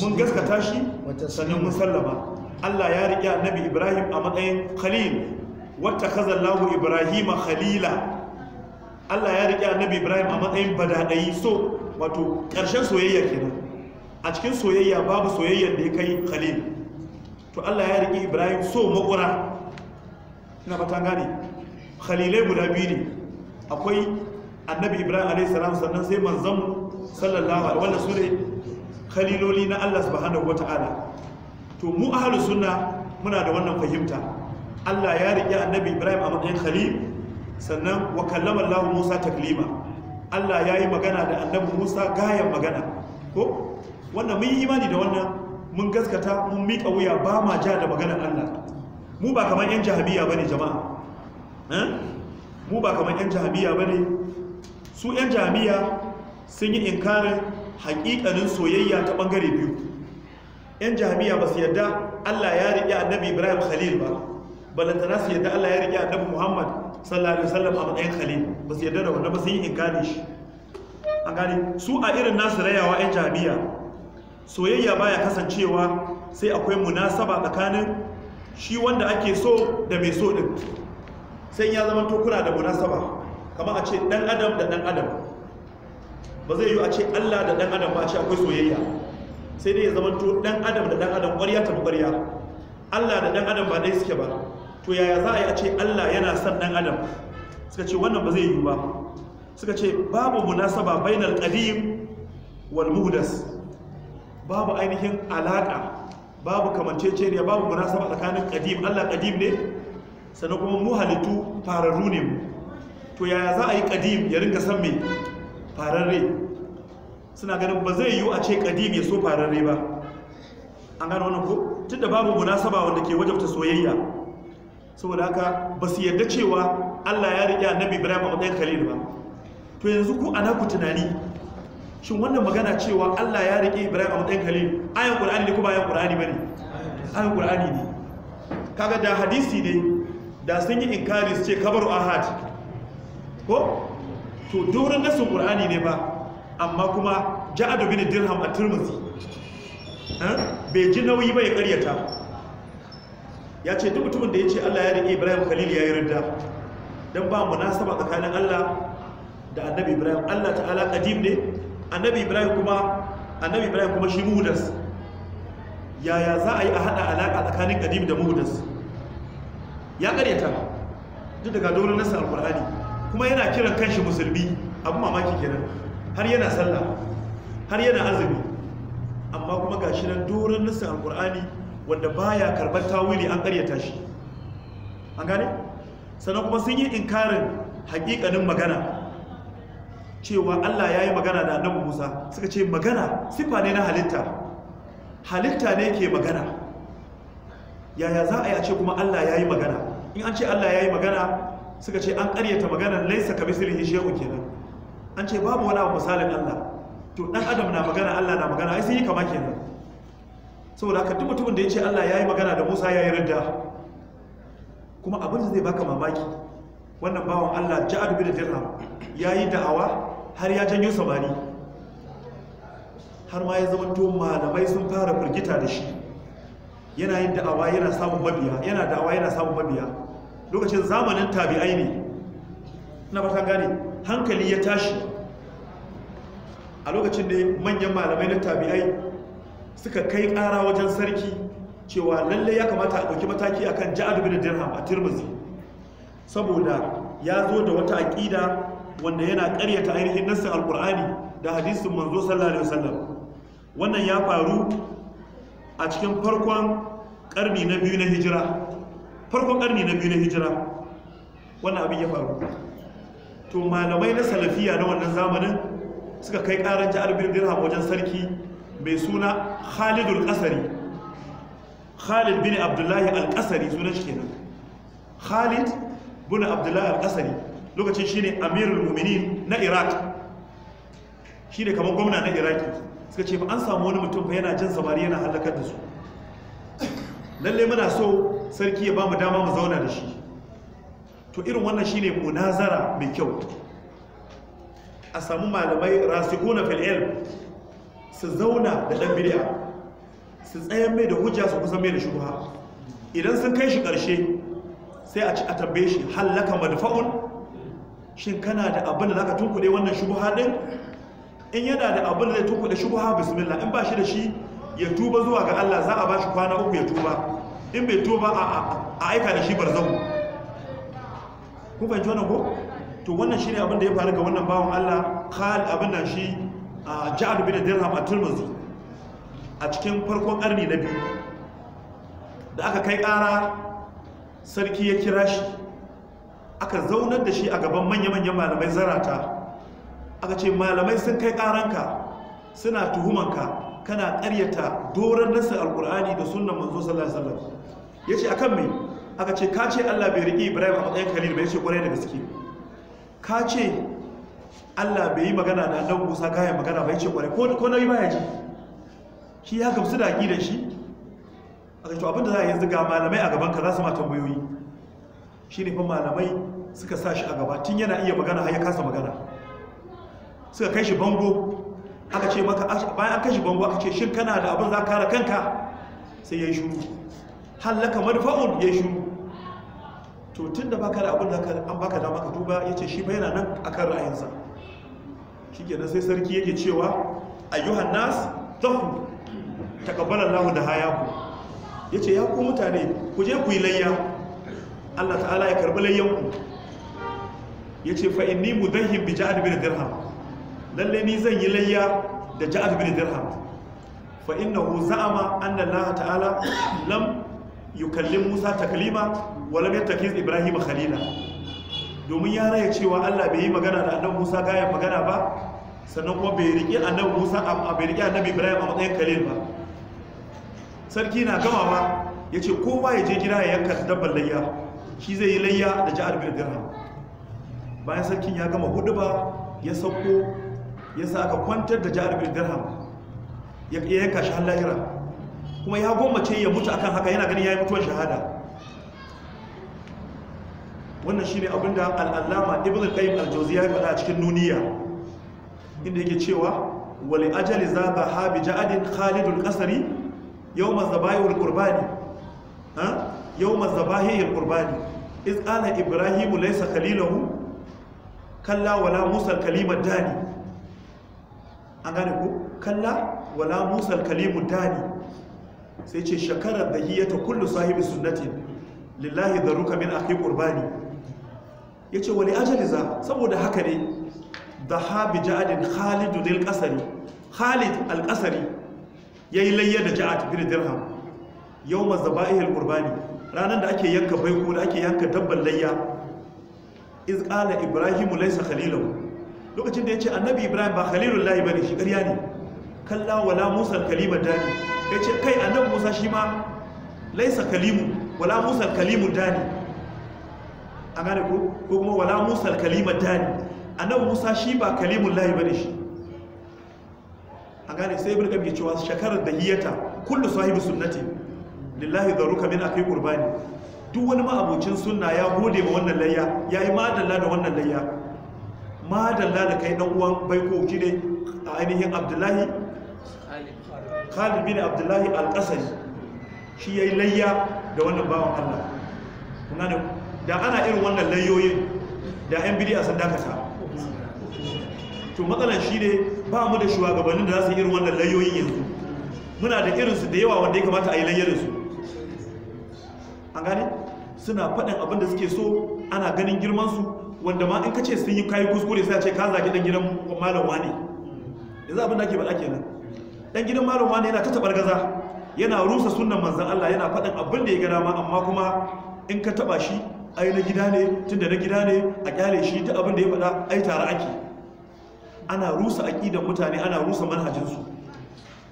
mun gaskata shi sannan mun sallama Allah ya riƙe annabi Ibrahim a matsayin khalil wata kazallahu Ibrahim khalila Allah ya riƙe annabi Ibrahim a matsayin badadayi so wato ƙarshen soyayya kenan a cikin soyayya babu soyayyar da ya kai khalil to Allah ya riƙe Ibrahim so makura ina ba ta gane khalilai guda biyu ne akwai annabi Ibrahim alaihi salam sannan sai manzon sallallahu alaihi wasallam su ne khaliloli na Allah subhanahu wataala to mu ahalu sunna muna da wannan fahimta Allah ya riƙe annabi Ibrahim a matsayin khalil sannan wa kallama Allah Musa taklima Allah ya yi magana da annabi Musa gayan magana ko wannan mun yi imani da wannan mun gaskata mun miƙa wuya ba ma ja da maganar Allah mu ba kamar yan jahabiyya bane jama'a eh? mu ba kamar yan jahabiyya bane su yan jahabiyya sun yi inkarin haƙiƙanin soyayya ta ɓangare biyu yan jami'a ba su yadda Allah ya riƙe annabi Ibrahim Khalil ba balantana su yadda Allah ya riƙe annabi Muhammad sallallahu alaihi wasallam a matsayin Khalil ba su yadda da wanda ba su yi inkari shi an gane su a irin nasu rayawa yan jami'a soyayya baya kasancewa sai akwai munasaba tsakanin shi wanda ake so da mai so din sai ya zama to kuna da munasaba kamar a ce dan adam da dan adam ba zai yi a ce Allah da dan adam ba ce akwai soyayya sai dai ya zama to dan adam da dan adam ƙwarya ta ƙwarya Allah da dan adam ba dai suke ba to yaya za a yi a ce Allah yana son dan adam suka ce wannan ba zai yi ba suka ce babu munasaba bainal qadim wal muhdas babu ainihin alaka babu kamanceceniya babu munasaba tsakanin qadim Allah qadim ne sannan kuma mu halittu fararru ne to yaya za a yi qadim ya rinka san me fararre suna ganin ba zai yiwu a ce kadim ya so fararre ba an gano wani ko tunda babu munasaba wanda ke wajabta soyayya saboda haka ba su yarda cewa Allah ya riƙe annabi Ibrahim a matsayin khalil ba to yanzu ku ana ku tunani shin wannan magana cewa Allah ya riƙe Ibrahim a matsayin khalil ayan ƙur'ani ne kuma ayan ba ne? ayan ƙur'ani ne kaga da hadisi ne da sun yi inkari su ce kabaru ahad ko to doron nasin ƙur'ani ne ba amma kuma ja'adu ne dirham a turmuzi eh, bai ji nauyi ba ya karyata ya ce duk mutumin da ya ce allah ya riƙe ibrahim khalil ya yi rinda don ba mu ba tsakanin allah da annabi ibrahim allah ta'ala ƙadim ne annabi ibrahim kuma annabi ibrahim kuma shi muhudas. yaya za a yi a haɗa alaƙa tsakanin ƙadim da muhudas? ya karyata duk daga dole nasa alƙur'ani kuma yana kiran kanshi musulmi abu mamaki kenan har yana sallah har yana azumi amma kuma ga shi nan doron nasa alkur'ani wanda baya karbar tawili an ƙaryata shi an gane sannan kuma sun yi inkarin hakikanin magana cewa Allah ya yi magana da annabu Musa suka ce magana sifa ne na halitta halitta ne ke magana yaya za a yi a ce kuma Allah ya yi magana in an ce Allah ya yi magana suka ce an ƙaryata magana laisa ka misali shehun kenan an ce babu wani abu misalin Allah to dan adam na magana Allah na magana ai sun yi kama kenan saboda haka duk mutumin da ya ce Allah ya yi magana da Musa ya yi radda kuma abin da zai baka mamaki wannan bawan Allah Ja'ad bin Dirham ya yi da'awa har ya janyo samari har ma ya zama to malamai sun fara firgita da shi yana yin da'awa yana samun mabiya yana da'awa yana samun mabiya lokacin zamanin tabi'ai ne na ba gane hankali ya tashi a lokacin da manyan malamai na tabi'ai suka kai ƙara wajen sarki cewa lallai ya kamata a ɗauki mataki akan ja'ad bin dirham a tirmizi saboda ya zo da wata aƙida wanda yana ƙaryata ainihin nassin alƙur'ani da hadisin manzo sallallahu alaihi wasallam wannan ya faru a cikin farkon ƙarni na biyu na hijira farkon ƙarni na biyu na hijira wannan abin ya faru to malamai na salafiya na wannan zamanin suka kai karan jihar bin dirham wajen sarki mai suna khalidul kasari khalid bin abdullahi al-kasari sunan shi kenan khalid bin abdullahi al-kasari lokacin shine amirul mu'minin na iraq shine kamar gwamna na Iraq. suka ce ba an samu wani mutum ba yana jin samari yana halakar da su lalle muna so sarki ya ba mu dama mu zauna da shi to irin wannan shine munazara mai kyau a samu malamai rasikuna fil ilm su zauna da dan bid'a su tsayan mai da hujja su kusa mai da shubha idan sun kai shi karshe sai a ci a tambaye shi halaka madfa'un shin kana da abin da zaka tunkuɗe wannan shubha din in yana da abin da zai tunkuɗe shubha bismillah in ba shi da shi ya tuba zuwa ga Allah za a ba shi kwana uku ya tuba in bai tuba a aika da shi barzau Ku fahimci wannan ko to wannan shine abin da ya faru ga wannan bawan Allah khal abin da shi a Ja'ad bin Dirham at-Tirmidhi a cikin farkon karni na biyu da aka kai ƙara sarki ya kira shi aka zaunar da shi a gaban manya-manyan malamai zarata aka ce malamai sun kai ƙaranka suna tuhumanka kana karyata doran nasar alkur'ani da sunan manzo sallallahu alaihi wasallam yace akan me aka ce ka ce Allah bai riƙi Ibrahim a matsayin Khalil bai ce kwarai da gaske ka ce Allah bai yi magana da annabi Musa gaya magana bai ce kwarai ko ko ba ya ji shi ya gamsu da da shi aka ce to abinda za a yanzu ga malamai a gaban ka za su ma tambayoyi Shi ne fa malamai suka sa shi a gaba tun yana iya magana har ya kasa magana suka kai shi bango aka ce maka bayan an kai shi bango aka ce shin kana da abin za ka kare kanka sai ya yi shuru hallaka madfa'un ya yi shuru so tun da baka da abin da an baka dama ka tuba ya ce shi ba yana nan akan ra'ayinsa shi ke sai sarki yake cewa ayyuhan nas ta kabbalar Lahu da hayaku ku ya ku mutane ku je ku yi layya Allah ta'ala ya karbi layyanku yace ni mu mudahhib bi ja'd bin dirham lalle ni zan yi layya da ja'd bin dirham na innahu za'ama anna Allah ta'ala lam yukallim Musa taklima wala bai Ibrahim khalila domin ya raya cewa Allah bai yi magana da annabi Musa gayan magana ba sannan kuma bai riƙe annabi Musa a bai riƙe annabi Ibrahim a matsayin khalil ba sarki na gama ba yace kowa ya je gida ya yanka dabbar layya shi zai yi layya da ja'ar bil bayan sarkin ya gama huduba ya sauko ya sa aka kwantar da ja'ar bil dirham ya yanka shi har lahira kuma ya gwammace ya mutu akan haka yana ganin ya yi mutuwar shahada wannan shi ne abinda al'allama ibn al-qayyim al-jawziya ya faɗa a cikin nuniya inda yake cewa wali ajali za ka habi ja'adin khalidul kasari yau mazabahiyar qurbani yau mazabahiyar qurbani iz qala ibrahimu laysa khalilahu kalla wala musa kalimar dani an gane ku kalla wala musa kalimar dani sai ce shakarar da hiyata kullu sahibi sunnati lillahi da daruka min akhi Ya yace wani ajaliza saboda haka ne da habi ja'adin khalid dil qasari khalid al qasari yayi layya da ja'ad bin dirham yawma zaba'ihil qurbani Ranar da ake yanka baiko da ake yanka dabban layya iz qala ibrahimu Laisa Khalilu. lokacin da ya ce annabi ibrahim ba ba ne shi ƙarya ne kalla wala musa kalimar dani ya ce kai annabi musa shi ma laisa kalimu wala musa kalimu dani a gane ko kuma wala musa kalimar dani annabi musa shi ba kalimun lahi bane shi a gane sai ibn kabi cewa shakarar da hiyata kullu sahibi sunnati lillahi daruka min akai qurbani duk wani ma'abocin sunna ya gode ma wannan layya ya yi madalla da wannan layya madalla da kai dan uwan baiko ne a ainihin abdullahi khalid bin abdullahi al-qasari shi ya yi layya da wannan bawan Allah da ana irin wannan layoyi da yan bidiya sun ta to matsalar shi ne ba mu da shugabannin da za su yi irin wannan layoyi yanzu muna da irinsu da yawa wanda ya kamata a yi layyarinsu an gane suna faɗin abin da suke so ana ganin girmansu wanda ma in ka ce sun yi kayi kuskure sai a ce ka zaki ɗan gidan malam wani yanzu abin da ake faɗa kenan dan gidan malam wani yana ta tabar gaza yana rusa sunnan manzan Allah yana faɗin abin da ya gada ma amma kuma in ka taba shi ai na gida ne tunda na gida ne a kyale shi ta abin da ya fada ai tare ake ana rusa aqidar mutane ana rusa manhajinsu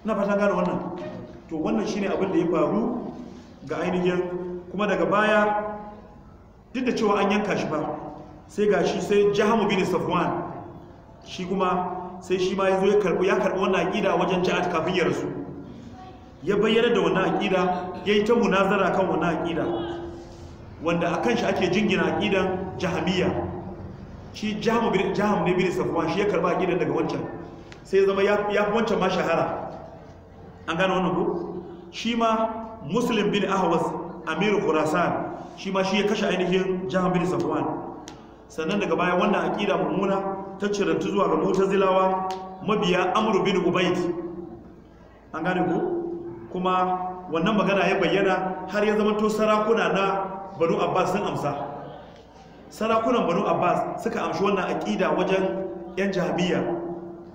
ina fata gane wannan to wannan shine abin da ya faru ga ainihin kuma daga baya duk da cewa an yanka shi ba sai gashi sai jahamu bin safwan shi kuma sai shi ma ya zo ya karɓi ya karbi wannan aqida wajen ja'ad kafin ya rasu ya bayyana da wannan aƙida ya yi ta munazara kan wannan aƙida wanda akan shi ake jingina aƙidan jahamiya shi jaham ne bin safwan shi ya karɓi aqidan daga wancan sai zama ya ya wancan ma shahara an gane wannan ko shi ma muslim bin ahwas amir khurasan shi ma shi ya kashe ainihin jaham bin safwan sannan daga baya wannan aƙida mummuna ta cirantu zuwa ga mutazilawa mabiya amuru bin ubaid an gane ku kuma wannan magana ya bayyana har ya zama to sarakuna na banu abbas sun amsa sarakunan banu abbas suka amshi wannan aƙida wajen yan jahabiya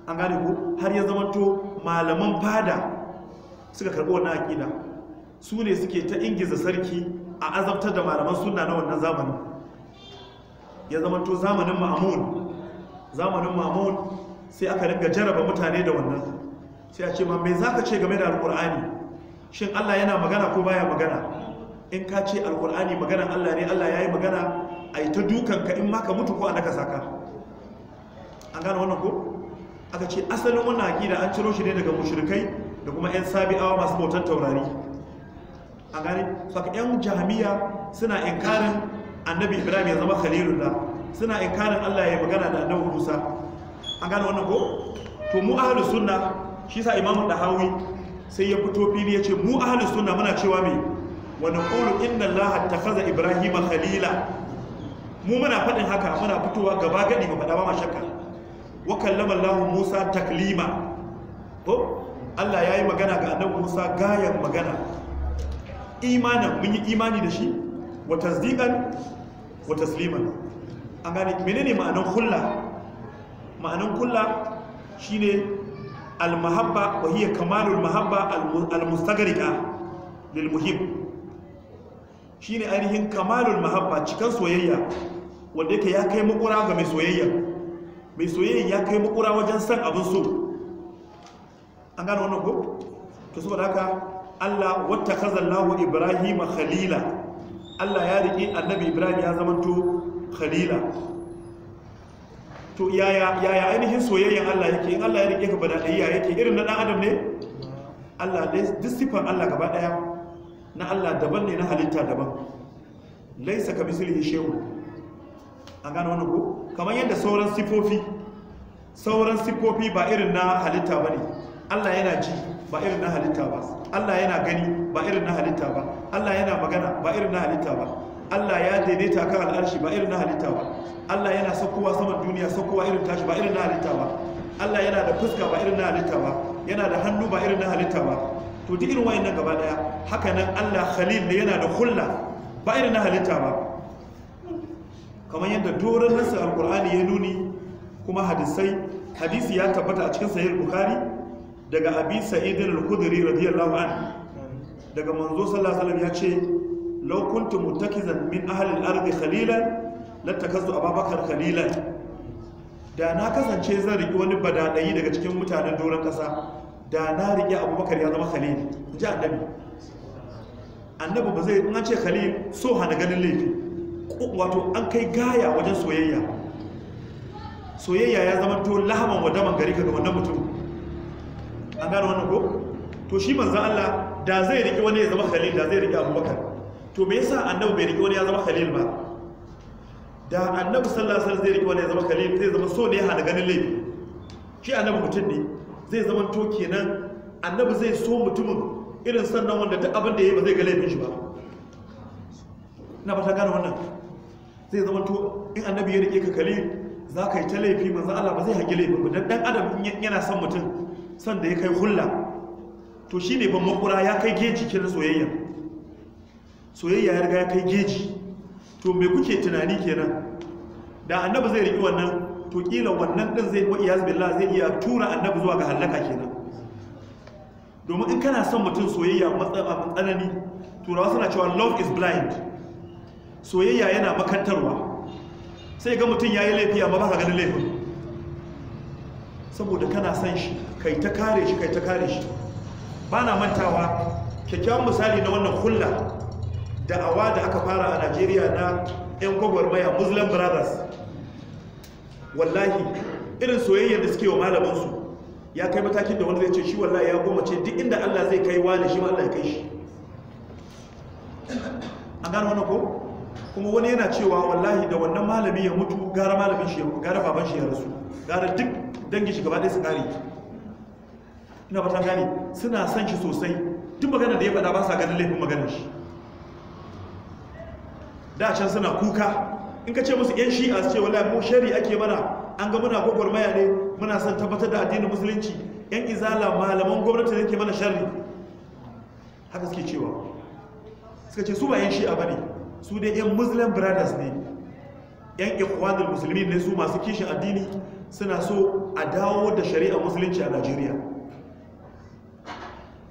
an gane ku har ya zama to malaman fada suka karɓi wannan aƙida su ne suke ta ingiza sarki a azabtar da malaman sunna na wannan zamanin ya zama to zamanin ma'amun zamanin mamun sai aka ringa jaraba mutane da wannan sai a ce ma za ka ce game da alkur'ani shin Allah yana magana ko baya magana in ka ce alkur'ani maganan Allah ne Allah ya yi magana yi ta dukan in ma mutu ko a naka saka an gane wannan ko aka ce asalin wannan aqida an ciro shi ne daga mushrikai da kuma yan sabi'awa masu bautar taurari an gane saka yan jami'a suna inkarin annabi Ibrahim ya zama khalilullah suna inkarin Allah ya magana da annabi Musa an gane wannan ko to mu ahli sunna shi sa imamu hawi sai ya fito fili ya ce mu ahli sunna muna cewa me wa naqulu inna Allah ittakhadha ibrahima khalila mu muna faɗin haka muna fitowa gaba gadi mu fada ba ma shakka wa kallama Allah Musa taklima ko Allah yayi magana ga annabi Musa gayan magana imanin mun yi imani da shi wa tasdiqan wa tasliman an gane menene ma'anan kulla shine almahabba wa hiya kamalul mahabba almustagrika lil shine ainihin kamalul mahabba cikan soyayya wanda yake ya kai makura ga mai soyayya mai soyayya ya kai makura wajen san abin so an gane wannan ko to saboda haka Allah wata kazallahu Ibrahim khalila Allah ya riƙe annabi Ibrahim ya zamanto khalila to yaya yaya ainihin soyayyen Allah yake in Allah ya rike ka bada dayya yake irin na dan adam ne Allah ne duk sifan Allah gaba daya na Allah daban ne na halitta daban laisa ka mislihi shay'un an gano wannan ko kamar yadda sauran sifofi sauran sifofi ba irin na halitta bane Allah yana ji ba irin na halitta ba Allah yana gani ba irin na halitta ba Allah yana magana ba irin na halitta ba Allah ya daidaita kan al'arshi ba irin na halitta ba Allah yana sakowa saman duniya sakowa irin tashi ba irin na halitta ba Allah yana da fuska ba irin na halitta ba yana da hannu ba irin na halitta ba to duk irin wayannan gaba daya haka nan Allah khalil ne yana da hulla ba irin na halitta ba kamar yadda doron nasar alkur'ani ya nuni kuma hadisai hadisi ya tabbata a cikin sahih bukhari daga abi sa'id al-khudri radiyallahu anhu daga manzo sallallahu alaihi wasallam ya ce law kuntu muttakizan min ahli al-ardi khalilan lattakastu ababakar khalilan da na kasance zan riƙi wani badadayi daga cikin mutanen doron ƙasa da na riƙi abubakar ya zama khalil ji annabi annabi ba zai in ce khalil so hana ganin laifi wato an kai gaya wajen soyayya soyayya ya zama to lahaman wa daman gari kaga wannan mutum an gano wannan ko to shi manzo Allah da zai riƙi wani ya zama khalil da zai riƙi abubakar to me yasa annabi bai riƙe wani ya zama khalil ba da annabi sallallahu alaihi wasallam zai riƙe wani ya zama khalil zai zama so ne hada ganin laifi shi annabi mutum ne zai zama to kenan annabi zai so mutumin irin sannan wanda duk abin da ya yi ba zai ga laifin shi ba Na ba ta gane wannan zai zama to in annabi ya riƙe ka khalil za ka yi ta laifi manzo Allah ba zai haƙi laifin ba dan adam yana son mutum son da ya kai hulla to shine ban makura ya kai geji kin soyayya soyayya ya riga ya kai geji to me kuke tunani kenan da annabi zai riƙi wannan to kila wannan din zai wa iyaz billah zai iya tura annabi zuwa ga halaka kenan domin in kana son mutum soyayya matsalan tsanani turawa suna cewa love is blind soyayya yana makantarwa sai ga mutum yayi laifi amma ka ganin laifin saboda kana son shi kai ta kare shi kai ta kare shi ba na mantawa kyakkyawan misali na wannan hulla da'awa da aka fara a najeriya na 'yan gwagwarmaya muslim brothers wallahi irin soyayyar da suke wa malamansu ya kai matakin da wanda zai ce shi wallahi ya goma ce duk inda allah zai kai wani shi ma allah ya kai shi an gano wani ko kuma wani yana cewa wallahi da wannan malami ya mutu gara malamin shi ya gara baban shi ya rasu gara duk dangin shi gaba ɗaya su ƙare ina ta gane suna son shi sosai duk magana da ya faɗa ba sa ganin laifin maganar shi da can suna kuka in ka ce musu yan shi'a su ce wala mu shari ake mana an ga muna gwagwarmaya ne muna son tabbatar da addinin musulunci yan izala malaman gwamnati ne ke mana shari haka suke cewa suka ce su ba yan shi'a bane su dai yan muslim brothers ne yan ikhwanul muslimin ne su masu kishin addini suna so a dawo da shari'a musulunci a Najeriya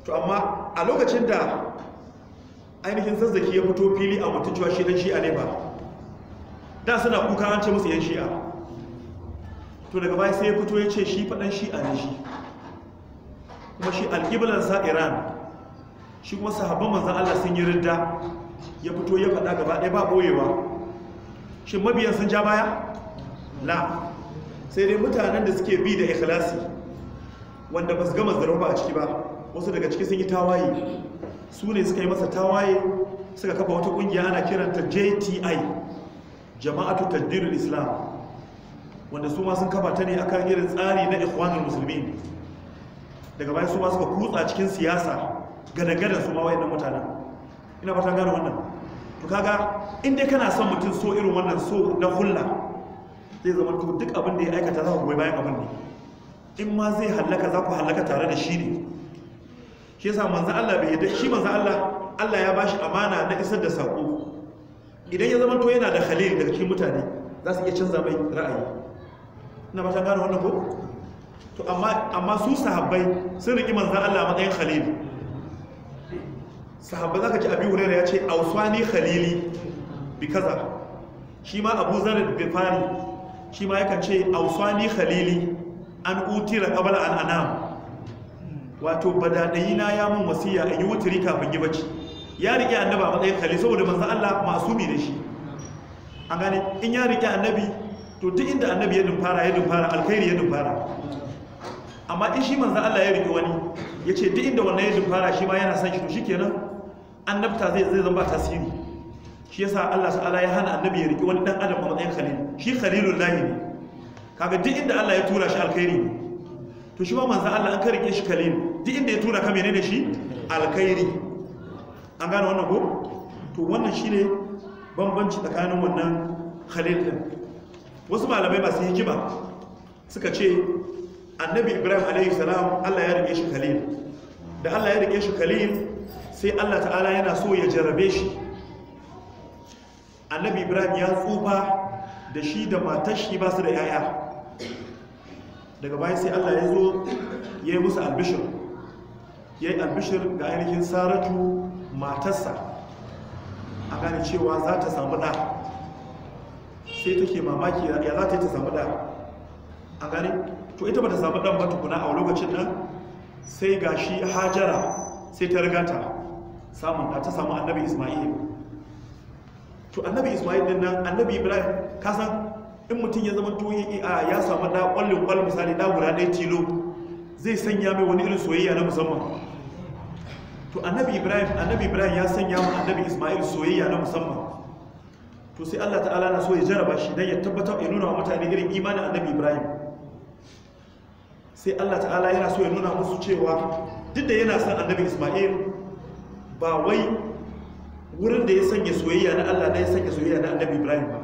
to amma a lokacin da ainihin zazzaki ya fito fili a mutum shi dan shi'a ne ba da suna kuka an ce musu yan shi'a to daga baya sai ya fito ya ce shi faɗan shi'a ne shi kuma shi alƙiblansa iran shi kuma sahabban manzan allah sun yi ridda ya fito ya faɗa gaba ɗaya ba ɓoyewa shi mabiyan sun ja baya la sai dai mutanen da suke bi da ikhlasi wanda ba su gama zarar ba a ciki ba wasu daga ciki sun yi tawaye su ne suka yi masa tawaye suka kafa wata kungiya ana kiranta jti jama'atu tajdirul islam wanda su ma sun kafa ta ne akan irin tsari na ikhwanul muslimin daga bayan su ma suka kutsa cikin siyasa gadagadan su ma wayannan mutanen ina fata gane wannan to kaga in dai kana son mutum so irin wannan so na hulla zai zama to duk abin da ya aikata za ku goyi bayan abin ne in ma zai hallaka za ku hallaka tare da shi ne shi yasa manzo Allah bai yadda shi manzo Allah Allah ya bashi amana na isar da sako idan ya zama to yana da khalil daga cikin mutane za su iya canza mai ra'ayi ina ba ta gane wannan ko to amma amma su sahabbai sun riki manzo Allah matsayin khalil sahabba zaka ji abi hurairah ya ce auswani khalili bi kaza shi ma abu zar bai fari shi ma yakan ce auswani khalili an utira qabla an anam wato badadayi na ya mun wasiya in yi wuturi kafin yi bacci ya rike annaba a matsayin khalil saboda manzo Allah masumi da shi an gane in ya rike annabi to duk inda annabi ya dumfara ya dumfara alkhairi ya dumfara amma in shi manzo Allah ya rike wani ya ce duk inda wannan ya dumfara shi ma yana son shi to shikenan annabta zai zai zama tasiri shi yasa Allah ta'ala ya hana annabi ya rike wani dan adam a matsayin khalil shi khalilullahi ne kaga duk inda Allah ya tura shi alkhairi ne to shi ba manzan Allah an karike shi kalin, duk inda ya tura ka da shi alkhairi an gane wannan ko to wannan shine bambanci tsakanin wannan khalil din wasu malamai masu kiba suka ce annabi ibrahim alayhi salam Allah ya rike shi kalin. da Allah ya rike shi kalin, sai Allah ta'ala yana so ya jarabe shi annabi ibrahim ya tsufa da shi da matar shi ba su da yaya daga bayan sai Allah ya zo ya yi musu albishir ya yi albishir ga ainihin saratu matarsa a gane cewa za ta samu ɗa sai take mamaki ya za ta yi ta samu ɗa a gane to ita ba ta samu ɗan ba tukuna a lokacin nan sai ga shi hajara sai ta rigata samun ɗa ta samu annabi ismail to annabi ismail din nan annabi ibrahim kasan in mutum ya zama a ya samu da kwallon kwal misali da guda ɗaya tilo zai sanya mai wani irin soyayya na musamman to annabi ibrahim annabi ibrahim ya sanya mu annabi isma'il soyayya na musamman to sai Allah ta'ala na so ya jaraba shi dan ya tabbatar ya nuna wa mutane irin imanin annabi ibrahim sai Allah ta'ala yana so ya nuna musu cewa duk da yana son annabi isma'il ba wai wurin da ya sanya soyayya na Allah da ya sanya soyayya na annabi ibrahim ba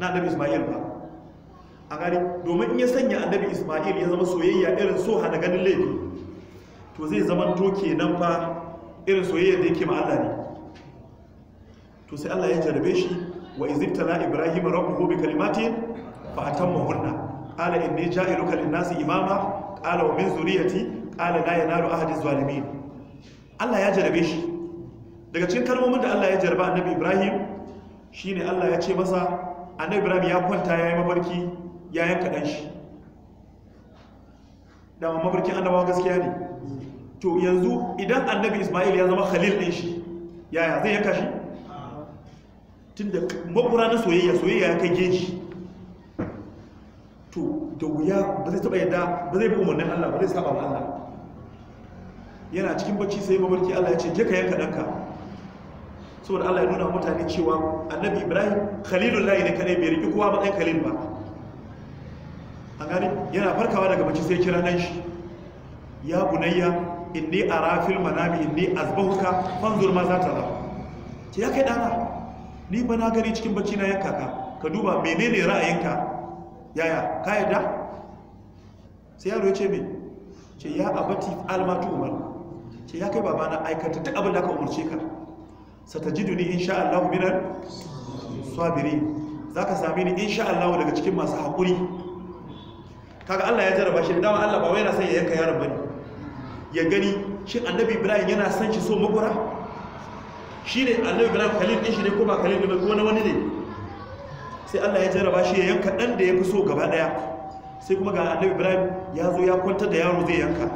na annabi isma'il ba a gari domin in ya sanya annabi isma'il ya zama soyayya irin so hada ganin laifi to zai zama toke nan fa irin soyayya da yake ma ne to sai Allah ya jarabe shi wa na ibrahim rabu bi kalimatin fa atammahunna qala inni ja'iluka in nasu imama ala wa min zurriyyati na la yanalu ahadi zalimin Allah ya jarabe shi daga cikin kalmomin da Allah ya jarba annabi ibrahim shine Allah ya ce masa annabi ibrahim ya kwanta ya yi mafarki ya yanka dan shi dama mafarkin annabawa gaskiya ne to yanzu idan annabi ismail ya zama khalil ɗin shi yaya zai yanka shi tunda makura na soyayya soyayya ya kai geji to da wuya ba zai taba yadda ba zai bi umarnin Allah ba zai saba wa Allah yana cikin bacci sai mabarki Allah ya ce je ka yanka danka saboda Allah ya nuna mutane cewa annabi Ibrahim khalilullahi ne kadai bai riki kowa ba kai khalil ba an gani yana farkawa daga bacci sai kira nan shi ya bunayya inni a rafin manami inni azbahuka fanzur ma za ta za. ce ya kai dana ni ba na gani cikin bacci na yanka ka ka duba menene ra'ayinka yaya ka yadda sai yaro ya ce me ce ya abati almatu umar ce ya kai babana aikata ta abin da aka umarce ka satajiduni insha Allah minan Za ka same ni insha Allah daga cikin masu haƙuri kaga Allah ya jarraba shi dama Allah ba wai yana son ya yanka yaron bane ya gani shin annabi Ibrahim yana son shi so makura shi ne annabi Ibrahim khalil din shi ne ko ba khalil ne ko wani ne sai Allah ya jarraba shi ya yanka dan da ya fi so gaba daya sai kuma ga annabi Ibrahim ya zo ya kwantar da yaro zai yanka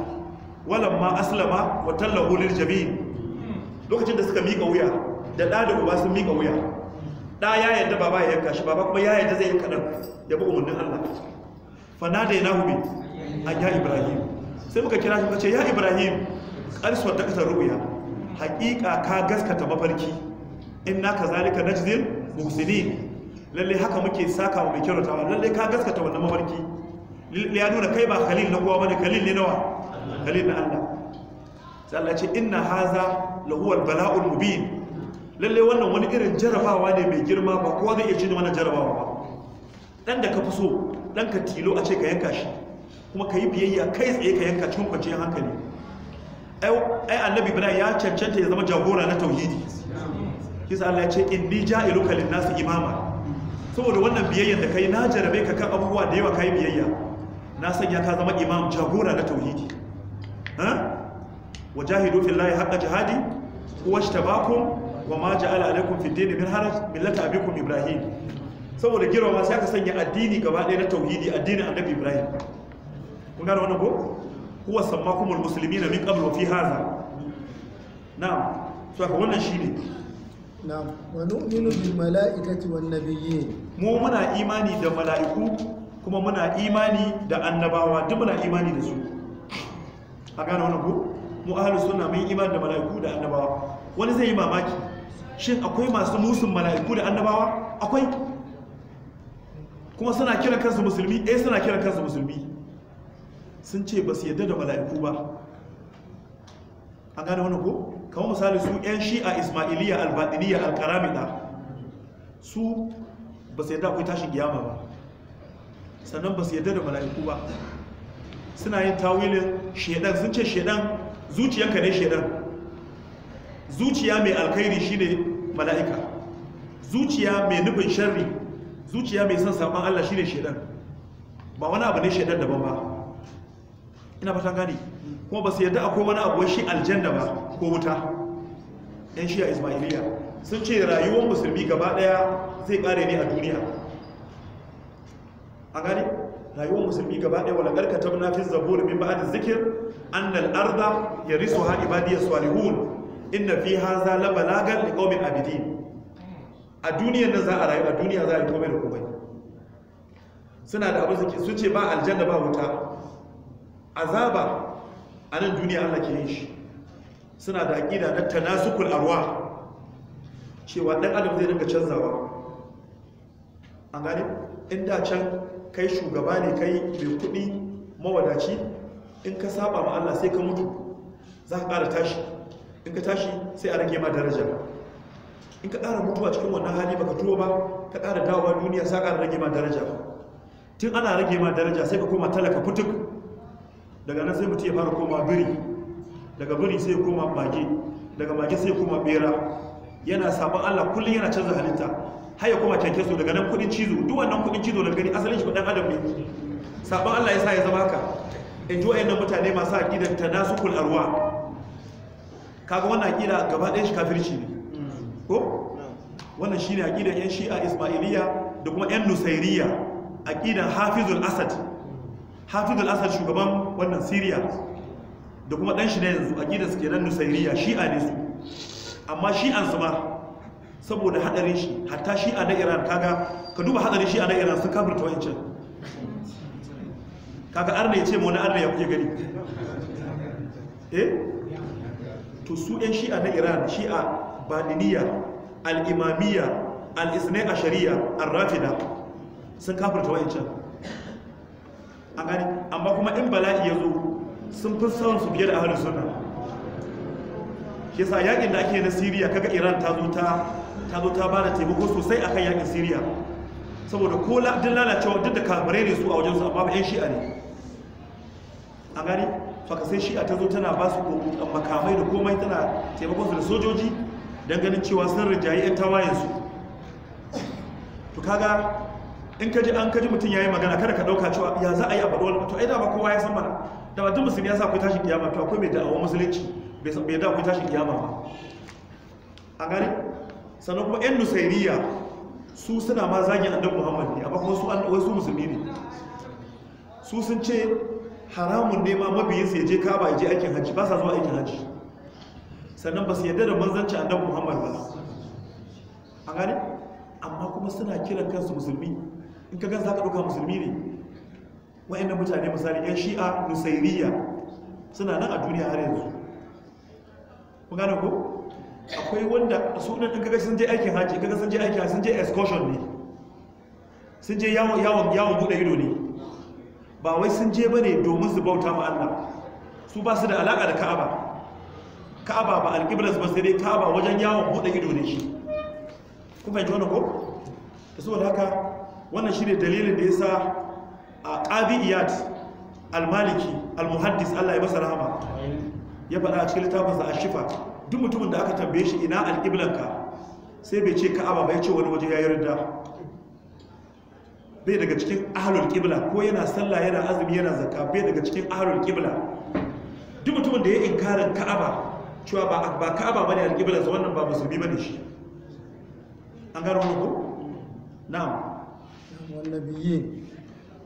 ma aslama wa tallahu lil jabin lokacin da suka mika wuya da da da uba sun mika wuya da ya yanta baba ya yanka shi baba kuma ya yanta zai yanka dan ya bi umarnin Allah fanada ya nahu A ya ibrahim sai muka kira shi muka ce ya ibrahim ƙarsuwar ta ƙasar ruya Hakika ka gaskata mafarki in na ka zalika na jizil musulmi lalle haka muke saka wa mai kyautatawa lalle ka gaskata wannan mafarki ya nuna kai ba khalil na kowa mana, khalil ne nawa khalil na allah sai allah ce inna haza lahuwar bala'ul mubin lalle wannan wani irin jarabawa ne mai girma ba kowa zai iya ne wani jarabawa ba dan da ka fi so ɗanka tilo a ce ka yanka shi kuma ka yi biyayya kai tsaye ka yanka cikin kwanciyar hankali ai annabi bana ya cancanta ya zama jagora na tauhidi kisa Allah ya ce in ni inni ja'iluka lin-nasi imama saboda wannan biyayyar da kai na jarabe ka kan abubuwa da yawa kai biyayya na sanya ka zama imam jagora na tauhidi ha wajahidu fillahi haqqa jihadi wa wa ma ja'ala alaykum fi din min haraj millata abikum ibrahim saboda girma sai aka sanya addini gaba ɗaya na tauhidi addinin annabi ibrahim kun gane wannan ko huwa sammakumul na min qabl fi hadha na'am to haka wannan shine na'am wa nu'minu bil mala'ikati wan nabiyyin mu muna imani da mala'iku kuma muna imani da annabawa duk muna imani da su a gane wannan ko mu ahlus sunna mun imani da mala'iku da annabawa wani zai yi mamaki shin akwai masu musun mala'iku da annabawa akwai kuma suna kira kansu musulmi eh suna kira kansu musulmi sun ce ba su yadda da mala'iku ba an gane wani ko kamar misali su 'yan shi'a ismailiyya albadiniya alkaramida su ba su yadda akwai tashin giyama ba sannan ba su yadda da mala'iku ba suna yin tawilin shedan sun ce shedan zuciyanka ne shedan zuciya mai alkhairi shine mala'ika zuciya mai nufin sharri zuciya mai son saban Allah shine shedan ba wani abu ne shedan daban ba ina fatan gani kuma ba su yadda akwai wani abu shi aljanna ba ko wuta yan shiya ismailiya sun ce rayuwar musulmi gaba daya zai kare ne a duniya a gani rayuwar musulmi gaba daya wala garka ta munafin zabur min ba'd zikir annal arda yarisuha ibadiyas salihun inna fi hadha la balagan liqaumin abidin a duniyar nan za a rayu a duniya za a yi komai da komai suna da abin suke sun ce ba aljanna ba wuta zaba, a nan duniya Allah ke yin shi suna da aƙida na tanasukul arwa cewa ɗan adam zai dinga canzawa an gani inda can kai shugaba ne kai mai kuɗi mawadaci in ka saba ma Allah sai ka mutu za ka ƙara tashi in ka tashi sai a rage ma daraja in ka ƙara mutuwa cikin wannan hali baka tuwo ba ka ƙara dawowa duniya sa ƙara rage ma daraja ba tun ana rage ma daraja sai ka koma talaka putuk daga nan sai mutu ya fara koma biri daga biri sai ya koma mage daga mage sai ya koma bera yana sabon allah kullum yana canza halitta har ya koma kyankyaso daga nan kudin cizo duk wannan kudin cizo daga gani asalin shi ɗan adam ne sabon allah ya sa ya zama haka in ji wa'annan mutane masu aƙidar tanasukul arwa kaga wannan aƙida gaba ɗaya shi kafirci ne ko wannan shine aqidar yan shi'a ismailiya da kuma yan nusairiya aqidar hafizul asad hafizul asad shugaban wannan syria da kuma dan shi ne yanzu aqidar suke nan nusairiya shi'a ne su amma shi'an su ma saboda hadarin shi hatta shi'a na iran kaga ka duba hadarin shi'a na iran sun kafirta wancan kaga arna ya ce ma wani arna ya kuke gani eh to su yan shi'a na iran shi'a badiniya al-imamiyya al-isnai ashariya ar-rafida sun kafirta wayancan a gani amma kuma in bala'i ya zo sun fi son su fiye da halin suna. shi sa yakin da ake na Siriya kaga Iran ta zo ta ta zo ta bada taimako sosai akan yakin Siriya saboda ko duk lalacewa duk da kamarai ne su a wajen su amma ba 'yan shi'a ne a gani fakasai sai shi'a ta zo tana ba su makamai da komai tana taimakon su da sojoji don ganin cewa sun rijayi 'yan tawayensu to kaga in kaji an kaji mutum ya yi magana kada ka ɗauka cewa ya za a yi a faɗo to ai da ba kowa ya san mana da wajen musulmi ya sa akwai tashin kiyama to akwai mai da'awa musulunci bai da akwai tashin kiyama ba a gari sannan kuma 'yan nusairiya su suna ma zagi annabi muhammad ne amma kuma su an wai su musulmi ne su sun ce haramun ne ma mabiyin su ya je kaba ya je aikin hajji ba sa zuwa aikin hajji sannan ba su yadda da manzanci annabi muhammad ba an gane amma kuma suna kiran kansu musulmi in ka gan za ka ɗauka musulmi ne wa'annan mutane misali yan shi'a nusairiya suna nan a duniya har yanzu Ku gane ko akwai wanda su ɗin ɗin kaga sun je aikin haji kaga sun je aikin haji sun je excursion ne sun je yawon yawon yawon buɗe ido ne ba wai sun je bane domin su bauta ma Allah su ba su da alaƙa da Ka'aba ka'aba ba alƙiblas ba sai dai ka'aba wajen yawon buɗe ido ne shi kuma yanki wani ko da saboda haka wannan shi ne dalilin da ya sa a ƙabi'iyat almaliki almuhaddis allah ya masa rahama ya faɗa a cikin littafinsa a shifa duk mutumin da aka tambaye shi ina alƙiblanka sai bai ce ka'aba ba ce wani waje ya yi rinda bai daga cikin ahalul ƙibla ko yana sallah yana azumi yana zakka bai daga cikin ahalul ƙibla duk mutumin da ya inkarin ka'aba cewa ba ba ka'aba bane alƙiblar sa wannan ba musulmi bane shi an gano ko na'am wannabiyin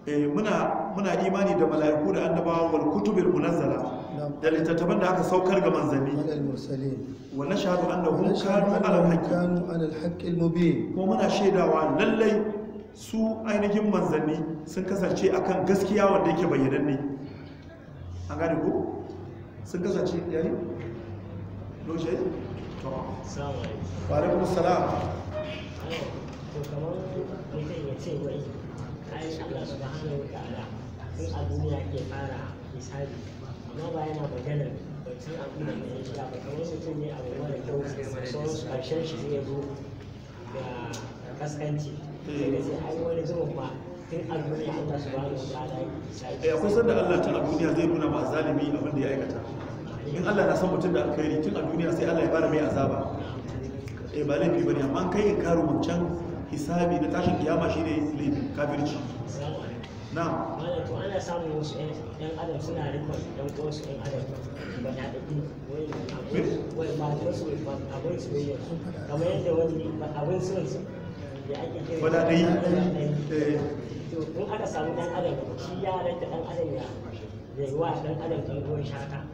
eh muna imani da mala'iku da annabawa wal kutubil munazzala da littattafan da aka saukar ga manzanni wa nashhadu annahum kanu ala al ko muna shaidawa lallai su ainihin manzanni sun kasance akan gaskiya wanda yake bayyananne an gane ku? sun kasance yayi loje to wa alaikum salam to kamar wai ai Allah duniya ke fara hisabi amma ba yana magana da ya ba kamar mutum ne abu mara kyau sauransu karshen shi zo da kaskanci wani a ya kusan da Allah ta a duniya zai nuna ba zalimi abin da ya aikata in Allah na san mutum da alkhairi tun a duniya sai Allah ya fara mai azaba eh ba laifi ba ne. amma kai in karo wancan hisabi na tashin kiyama shine laifi kafirci na to ana samun wasu 'yan adam suna rikon ɗan wasu 'yan adam ba na ɗaɗi wai matar su abin su yi kamar yadda wani abin sun su ya ake kira ba na eh. to in aka samu 'yan adam shi ya rage 'yan adam ya zai wa 'yan adam ɗan ruwan shaka.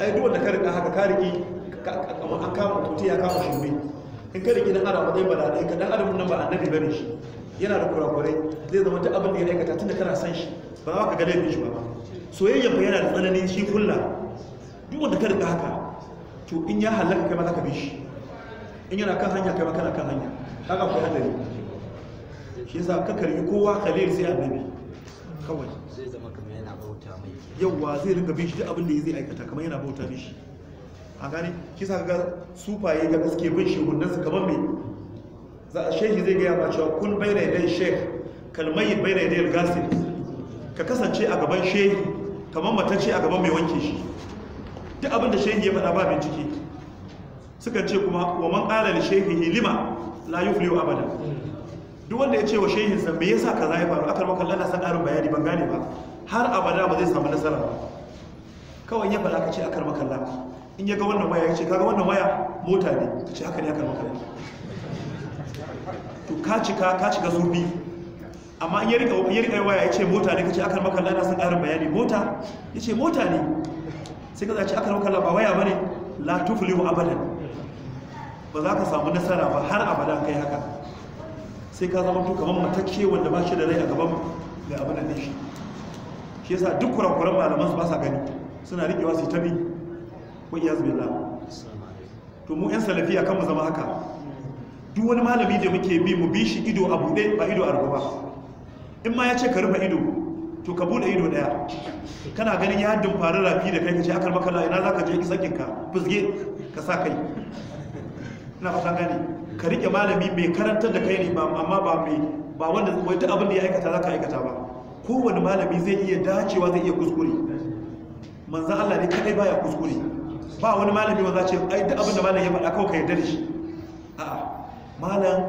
ai duk wanda ka riga haka ka rigi kamar an kama mutum ya kama shirme in ka ki dan adam ba zai bada dai ka dan adam nan ba annabi bane shi yana da kurakurai zai zama duk abin da ya aikata tunda kana san shi ba za ka ga laifin shi ba soyayya ba yana da tsananin shi kulla duk wanda ka haka to in ya halaka kai ma za ka bi shi in yana kan hanya kai ma kana kan hanya haka ku hadari shi yasa ka karbi kowa khalil sai annabi kawai zai zama kamar yana bauta mai yauwa zai ringa bin shi duk abin da ya zai aikata kamar yana bauta shi. a gane shi sa ga sufaye da suke bin shi su kamar mai za a shehi zai gaya ma cewa kun bayyana idan sheh kalmai bayyana idan gasir ka kasance a gaban shehi kamar matacce a gaban mai wanke shi duk abin da shehi ya faɗa ba bincike suka ce kuma wa man ƙalar shehi lima la yufliu abada duk wanda ya ce wa shehinsa me yasa kaza ya faru aka maka lana san ƙarin bayani ban gane ba har abada ba zai samu nasara ba kawai ya faɗa ka ce akar maka lana in ya ga wannan waya ya ce kaga wannan waya mota ne ka ce haka ne aka maka lana to ka cika ka cika zurbi amma in ya rika in ya rika waya ya ce mota ne ka ce akar maka lana san ƙarin bayani mota ya ce mota ne sai ka zaci aka maka lana ba waya bane la tuflihu abadan ba za ka samu nasara ba har abada kai haka sai ka zama to kamar matacce wanda ba shi da rai a gaban mai abin da shi shi yasa duk kurakuran malaman su ba sa gani suna rikewa su tabi ko iyaz billah to mu yan salafi kan mu zama haka duk wani malami da muke bi mu bi shi ido a bude ba ido a rubuwa in ma ya ce ka rufe ido to ka bude ido daya kana ganin ya dumfari rafi da kai ka ce akal makala ina za ka je ki sakinka ka ka sa kai na fatan gani ka rike malami mai karantar da kai ne ba amma ba mai ba wanda wata abin da ya aikata za ka aikata ba kowane malami zai iya dacewa zai iya kuskure manzan Allah ne kadai baya kuskure ba wani malami wanda ce ai da abin da malami ya faɗa kawai ka yarda da shi a'a malam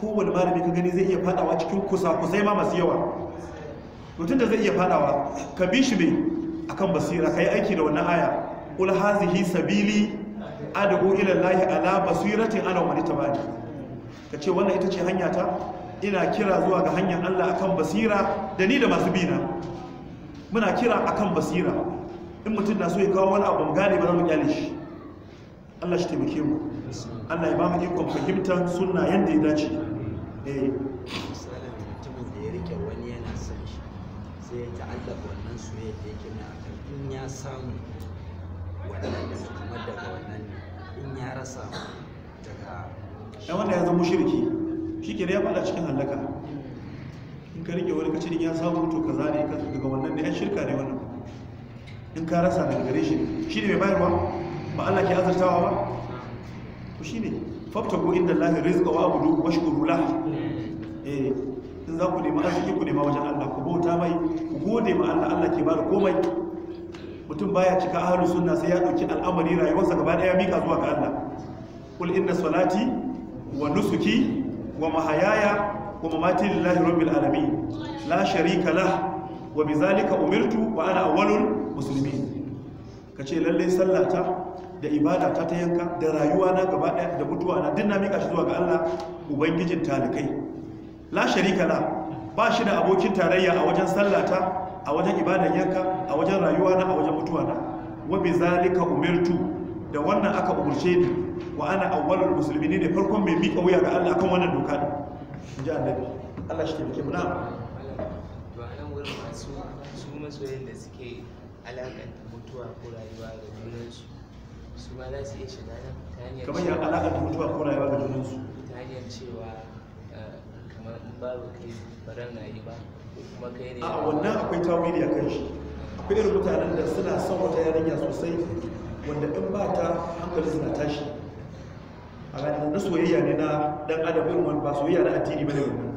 kowane malami ka gani zai iya fadawa cikin kusa kusai ma masu yawa mutum da zai iya fadawa ka bi shi mai akan basira ka yi aiki da wannan aya ul hazihi sabili adabu ila lahi ala basirati ana wani tabari ka ce wannan ita ce hanya ta ina kira zuwa ga hanyar Allah akan basira da ni da masu bina muna kira akan basira in mutum na so ya kawo wani abu gane ba za mu kyale shi Allah shi taimake mu Allah ya ba mu ikon fahimtar sunna yadda ya dace eh mutumin da ya rike wani yana son shi sai ta'allaka wannan soyayya da yake na in ya samu wannan kuma daga wannan ne in ya rasa daga dan wanda ya zama shirki shi ke da ya faɗa cikin hallaka in ka rike wani kacin ya samu to kaza ne ka daga wannan ne an shirka ne wannan in ka rasa daga gare shi shi ne mai bayarwa ba Allah ke azartawa ba to shi ne fabtaku inda lahi rizqa wa abudu washkuru lahu eh in za ku nema arziki ku nema wajen Allah ku bauta mai ku gode ma Allah Allah ke bada komai mutum baya cika ahlus sunna sai ya dauki al'amari rayuwarsa gaba daya mika zuwa ga Allah kul inna salati wa nusuki wa mahayaya wa mamati lillahi rabbil alamin la sharika la wa bizalika umirtu wa ana awwalul muslimin kace lalle sallata da ibada ta yanka da rayuwa na gaba daya da mutuwa na dinna mika shi zuwa ga Allah ubangijin talikai la sharika la ba shi da abokin tarayya a wajen sallata a wajen ibadan yanka a wajen rayuwa na a wajen mutuwa na wa bi zalika umirtu da wannan aka umurce ni wa ana awwalul muslimin ne farkon mai mika wuya ga Allah akan wannan doka ne inji annabi Allah shi ke muna to nan wurin masu su masoyan da suke alakanta mutuwa ko rayuwa ga junansu su ma za su iya shiga nan ta hanyar kamar ya alakanta mutuwa ko rayuwa ga junansu ta hanyar cewa eh, kamar in babu kai baran na yi ba a wannan akwai tawili a kan shi akwai irin mutanen da suna son wata yarinya sosai wanda in ba ta hankali suna tashi a ranar na soyayya ne na dan irin wani ba soyayya na addini ba ne wannan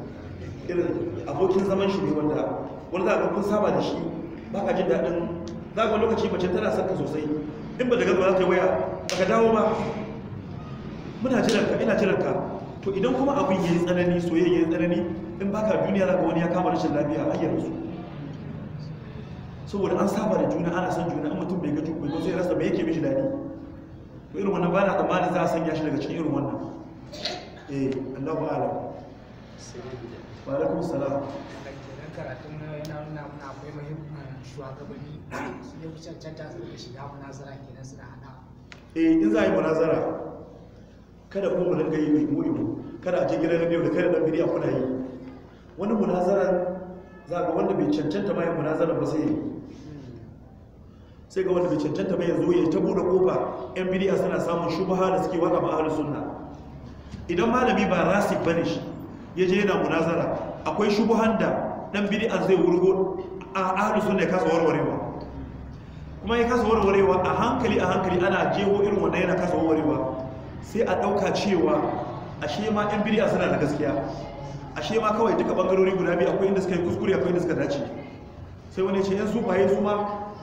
irin abokin zaman shi ne wanda wani za ka kun saba da shi ba ka jin daɗin za ka lokaci mace tana son ka sosai in ba da gaba za ta yi waya ba ka dawo ba muna jiranka ina jiranka to idan kuma abin yi tsanani soyayya yi tsanani in baka duniya zaka wani ya kama rashin lafiya a ya rasu saboda an saba da juna ana san juna in mutum bai gaji kuma zai rasa bai yake mishi dadi to irin wannan bana tsammanin za a sanya shi daga cikin irin wannan eh Allahu a'lam wa alaikum salam karatun yana nuna muna akwai muhimmin shugabanni su ne kusan canta su da shiga munazara kenan suna hada eh in za a yi munazara kada kuma mu rinka yi mu kada a je gidan radio da kada dan bidiya kuna yi wani munazarar za ga wanda bai cancanta ma yin munazara ba sai yi sai ga wanda bai cancanta ba ya zo ya ta bude kofa yan bidiya suna samun shubaha da suke waka ba ahlus sunna idan malami ba rasik bane shi ya je yana munazara akwai shubhan da dan bidiya zai wurgo a ahlus sunna ya kasa warwarewa kuma ya kasa warwarewa a hankali a hankali ana jeho irin wanda yana kasa warwarewa sai a dauka cewa ashe ma yan bidiya suna da gaskiya ashe ma kawai duka bangarori guda biyu akwai inda suka yi kuskure akwai inda suka dace sai wani ce yan sufaye su ma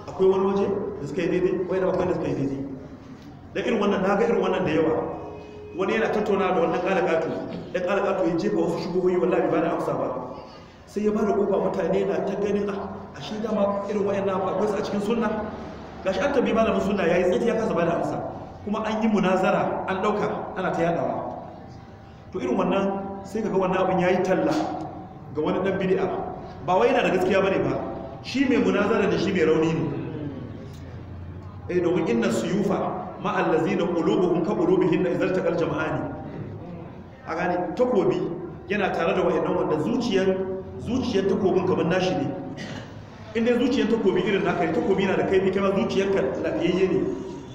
akwai wani waje da suka yi daidai wai da akwai inda suka yi daidai da irin wannan na ga irin wannan da yawa wani yana tattauna da wannan kalakatu da kalakatu ya jefa wasu shugabanni wallahi ba da amsa ba sai ya ba da kofa mutane na ta ganin a ah, ashe dama irin wayannan akwai su a cikin sunna gashi an tabbi malamin sunna yayi tsiti ya kasa ba da amsa kuma an yi munazara an dauka ana ta yadawa to irin wannan sai ga wannan abin ya yi talla ga wani ɗan bidi'a ba wai yana da gaskiya ba ne ba shi mai munazara da shi mai rauni ne eh domin inna suyufa ma allazina qulubuhum ka qulubihin idza taqal jama'ani a gani takobi yana tare da wayannan wanda zuciyar zuciyar takobin kamar nashi ne in zuciyar takobi irin na kai, takobi na da kai kuma zuciyar ka lafiyayye ne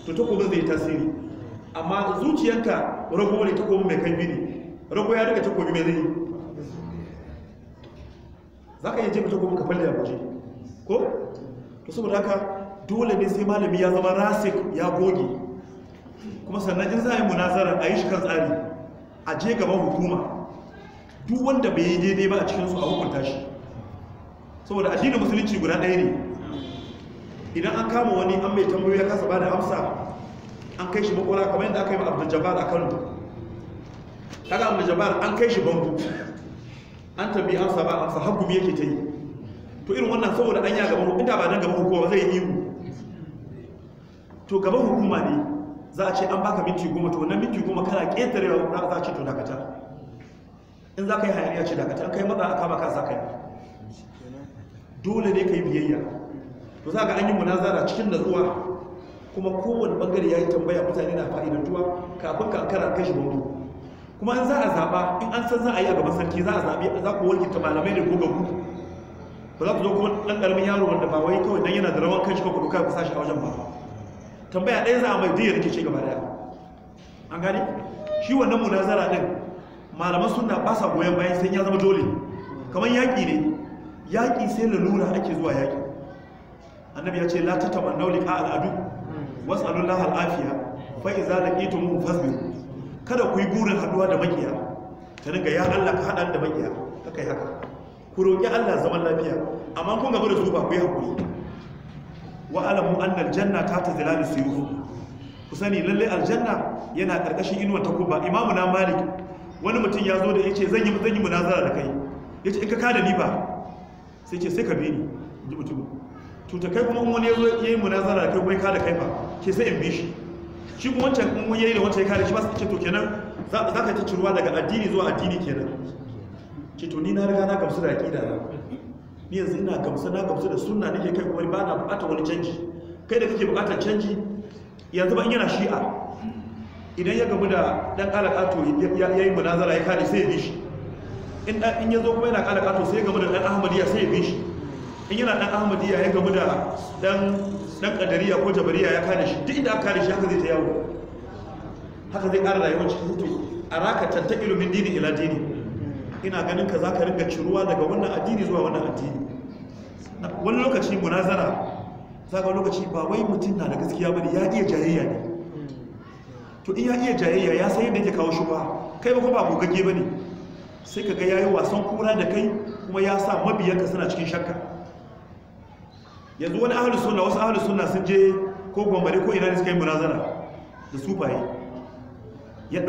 to takobin zai tasiri amma zuciyarka rago ne takobin mai kai bi ne rago ya daga takobi mai zai za ka iya jefa takobi ka falle a guje ko? to saboda haka dole ne sai malami ya zama rasik ya goge kuma sannan in za a yi munazara a yi shi kan tsari a je gaban hukuma duk wanda bai yi daidai ba a cikinsu a hukunta shi saboda addinin musulunci guda ɗaya ne idan an kama wani an mai tambayoyi ya kasa ba da amsa an kai shi makwara kamar yadda aka yi abdul jabbar a kano kaga amma jama'ar an kai shi bangu an tabi an saba a sa gumi yake ta yi to irin wannan saboda an ya gaban inda ba nan gaban hukuma zai yi mu to gaban hukuma ne za a ce an baka minti goma to wannan minti goma kana ƙetare za a ce to dakata in za ka yi hayaniya ce dakata in kai maza a kama ka za ka yi dole ne ka yi biyayya to za ka an yi munazara cikin natsuwa kuma kowane bangare ya yi tambaya mutane na fa'idantuwa kafin ka ankara kashi bango kuma in za a zaɓa in an san za a yi a gaban sarki za a zaɓi za ku ta malamai ne ko gabu ba za ku zo kuma ɗan ƙaramin yaro wanda ba wai kawai dan yana da rawan kan shiga ko kuɗuka ku sashi a wajen ba tambaya ɗaya za a mai diyar ce gaba daya an gane shi wannan munazara ɗin malaman suna ba sa goyon bayan sai ya zama dole kamar yaƙi ne yaƙi sai lalura ake zuwa yaƙi annabi ya ce la tatamannau liqa al'adu hmm. was'alullaha al'afiya fa idza laqitum fasbiru kada ku yi burin haduwa da makiya ta dinga ya Allah ka hada da makiya haka haka ku roki Allah zaman lafiya amma kun gaba da su ba ku yi hakuri wa alamu anna aljanna ta tazilal suyuf ku sani lalle aljanna yana karkashin inuwar takuba imamu na malik wani mutum ya zo da yace zan yi zan yi munazara da kai yace in ka da ni ba sai ce sai ka bi ni ji mutum to ta kai kuma wani ya zo munazara da kai kuma ka da kai ba ke sai in bi shi shi kuma wancan kuma yayi da wancan ya kare shi ba su ce to kenan za ka ta ciruwa daga addini zuwa addini kenan ce to ni na riga na gamsu da aqida na ni yanzu ina gamsu na gamsu da sunna nake kai kuma ba na bukata wani canji kai da kake bukata canji yanzu ba in yana shi'a idan ya gamu da dan kalakato ya yi munazara ya kare sai ya bi shi in ya zo kuma yana kalakato sai ya gamu da dan ahmadiyya sai ya bi shi in yana dan ahmadiyya ya gamu da dan dan kadariya ko jabariya ya kare shi duk inda aka kare shi haka zai ta yawo haka zai ƙara rayuwar cikin hutu a raka tanta ilimin dini ila dini ina ganin ka za ka ringa ciruwa daga wannan addini zuwa wannan addini wani lokaci munazara za ka lokaci ba wai mutum na da gaskiya bane ya iya jayayya ne to in ya iya jayayya ya san yadda yake kawo shi ba kai ba ba gogagge bane sai ka ga yayi wasan kura da kai kuma ya sa mabiyanka suna cikin shakka yanzu wani ahalus suna wasu ahalus suna sun je ko gwambare ko ina da suka yi munazara da sufaye ya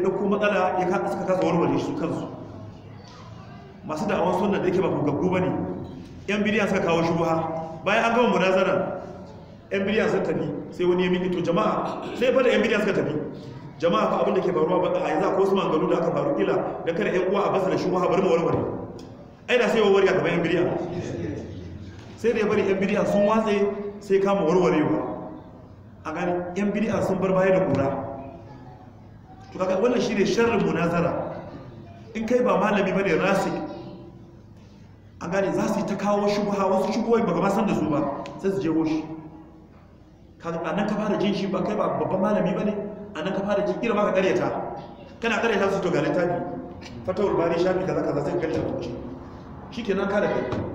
ɗauko matsala ya suka kasa warware shi kansu masu da awon suna da yake ba gaggu ba ne yan biliyan suka kawo buha bayan an gama munazara yan biliyan sun tafi sai wani ya miki to jama'a sai fada yan biliyan suka tafi jama'a ko abin da ke faruwa ba a yanzu akwai wasu mangalu da aka faru kila da kada yan uwa a basa da buha bari mu warware ai da sai warware ga gaban yan biliyan sai da ya bari yan bidiya sun watse sai kama warwarewa a gani yan bidiya sun bar baya da kura to kaga wannan ne sharrin munazara in kai ba malami ba ne rasi a gani za su yi ta kawo shubha wasu shubhoyi ba gaba san da su ba sai su je shi kaga nan ka fara jin shi ba kai ba babban malami a nan ka fara jin irin ka karyata kana karyata su to ga littafi fatawar bari shafi kaza kaza sai karyata to shi shikenan ka da kai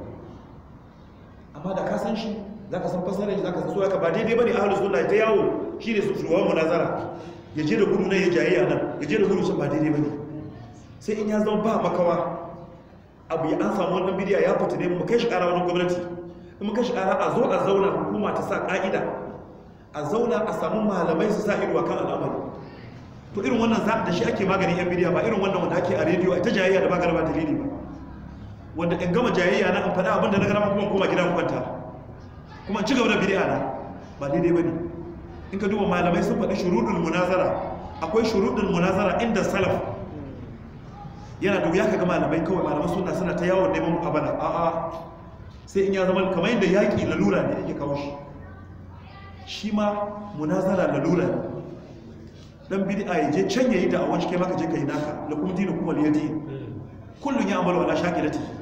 amma da ka san shi za ka san fasara shi za ka san so ba daidai ba ne a halittu suna ta yawo shi ne shugaban nazara ya je da gudu nan ya jaye a nan ya je da gudu can ba daidai ba ne sai in ya zama ba makawa abu ya an samu wannan bidiyar ya fita ne mu kai shi kara wani gwamnati in mu kai shi kara a zo a zauna hukuma ta sa ka'ida a zauna a samu malamai su sa ido kan al'amari to irin wannan za da shi ake maganin yan bidiyar ba irin wannan wanda ake a rediyo a ta jayayya da ba garba dalili ba wanda in gama jayayya na amfani abin da na gara kuma koma gida kwanta kuma ci gaba da bidiya na ba daidai ba ne in ka duba malamai sun faɗi shurudul munazara akwai shurudul munazara inda salaf yana da wuya ka ga malamai kawai malamai suna suna ta yawon neman a a'a sai in ya zama kamar yadda yaƙi lalura ne yake kawo shi shi ma munazara lalura ne dan bid'a ya je can yi da awon shi kai maka je kai naka lakum kuma liyadi kullun ya amalu wala shakilati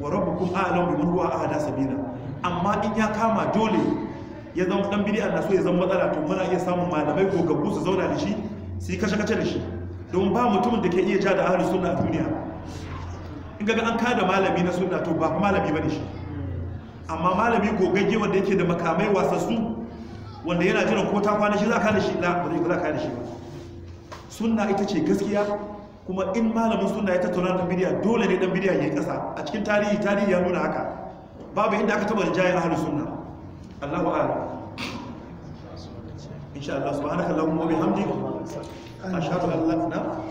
warabukun rabbukum a'lamu ruwa huwa ahada Sabina amma in ya kama dole ya zama dan bid'a na so ya zama matsala to muna iya samun malamai ko gogaggu su zauna da shi su yi kashe-kashe da shi don ba mutumin da ke iya ja da ahlus suna a duniya in ga an kada malami na sunna to ba malami bane shi amma malami gogagge wanda yake da makamai wasassu wanda yana jiran ko ta kwana shi za ka da shi la ba zai ka da shi ba sunna ita ce gaskiya kuma in malamin suna ya tattauna da bidiya dole ne dan bidiya yayi kasa a cikin tarihi tarihi ya nuna haka babu inda aka taba rinjaye ahlus sunna Allahu a'lam insha Allah subhanaka Allahumma wa bihamdika ashhadu an la ilaha illa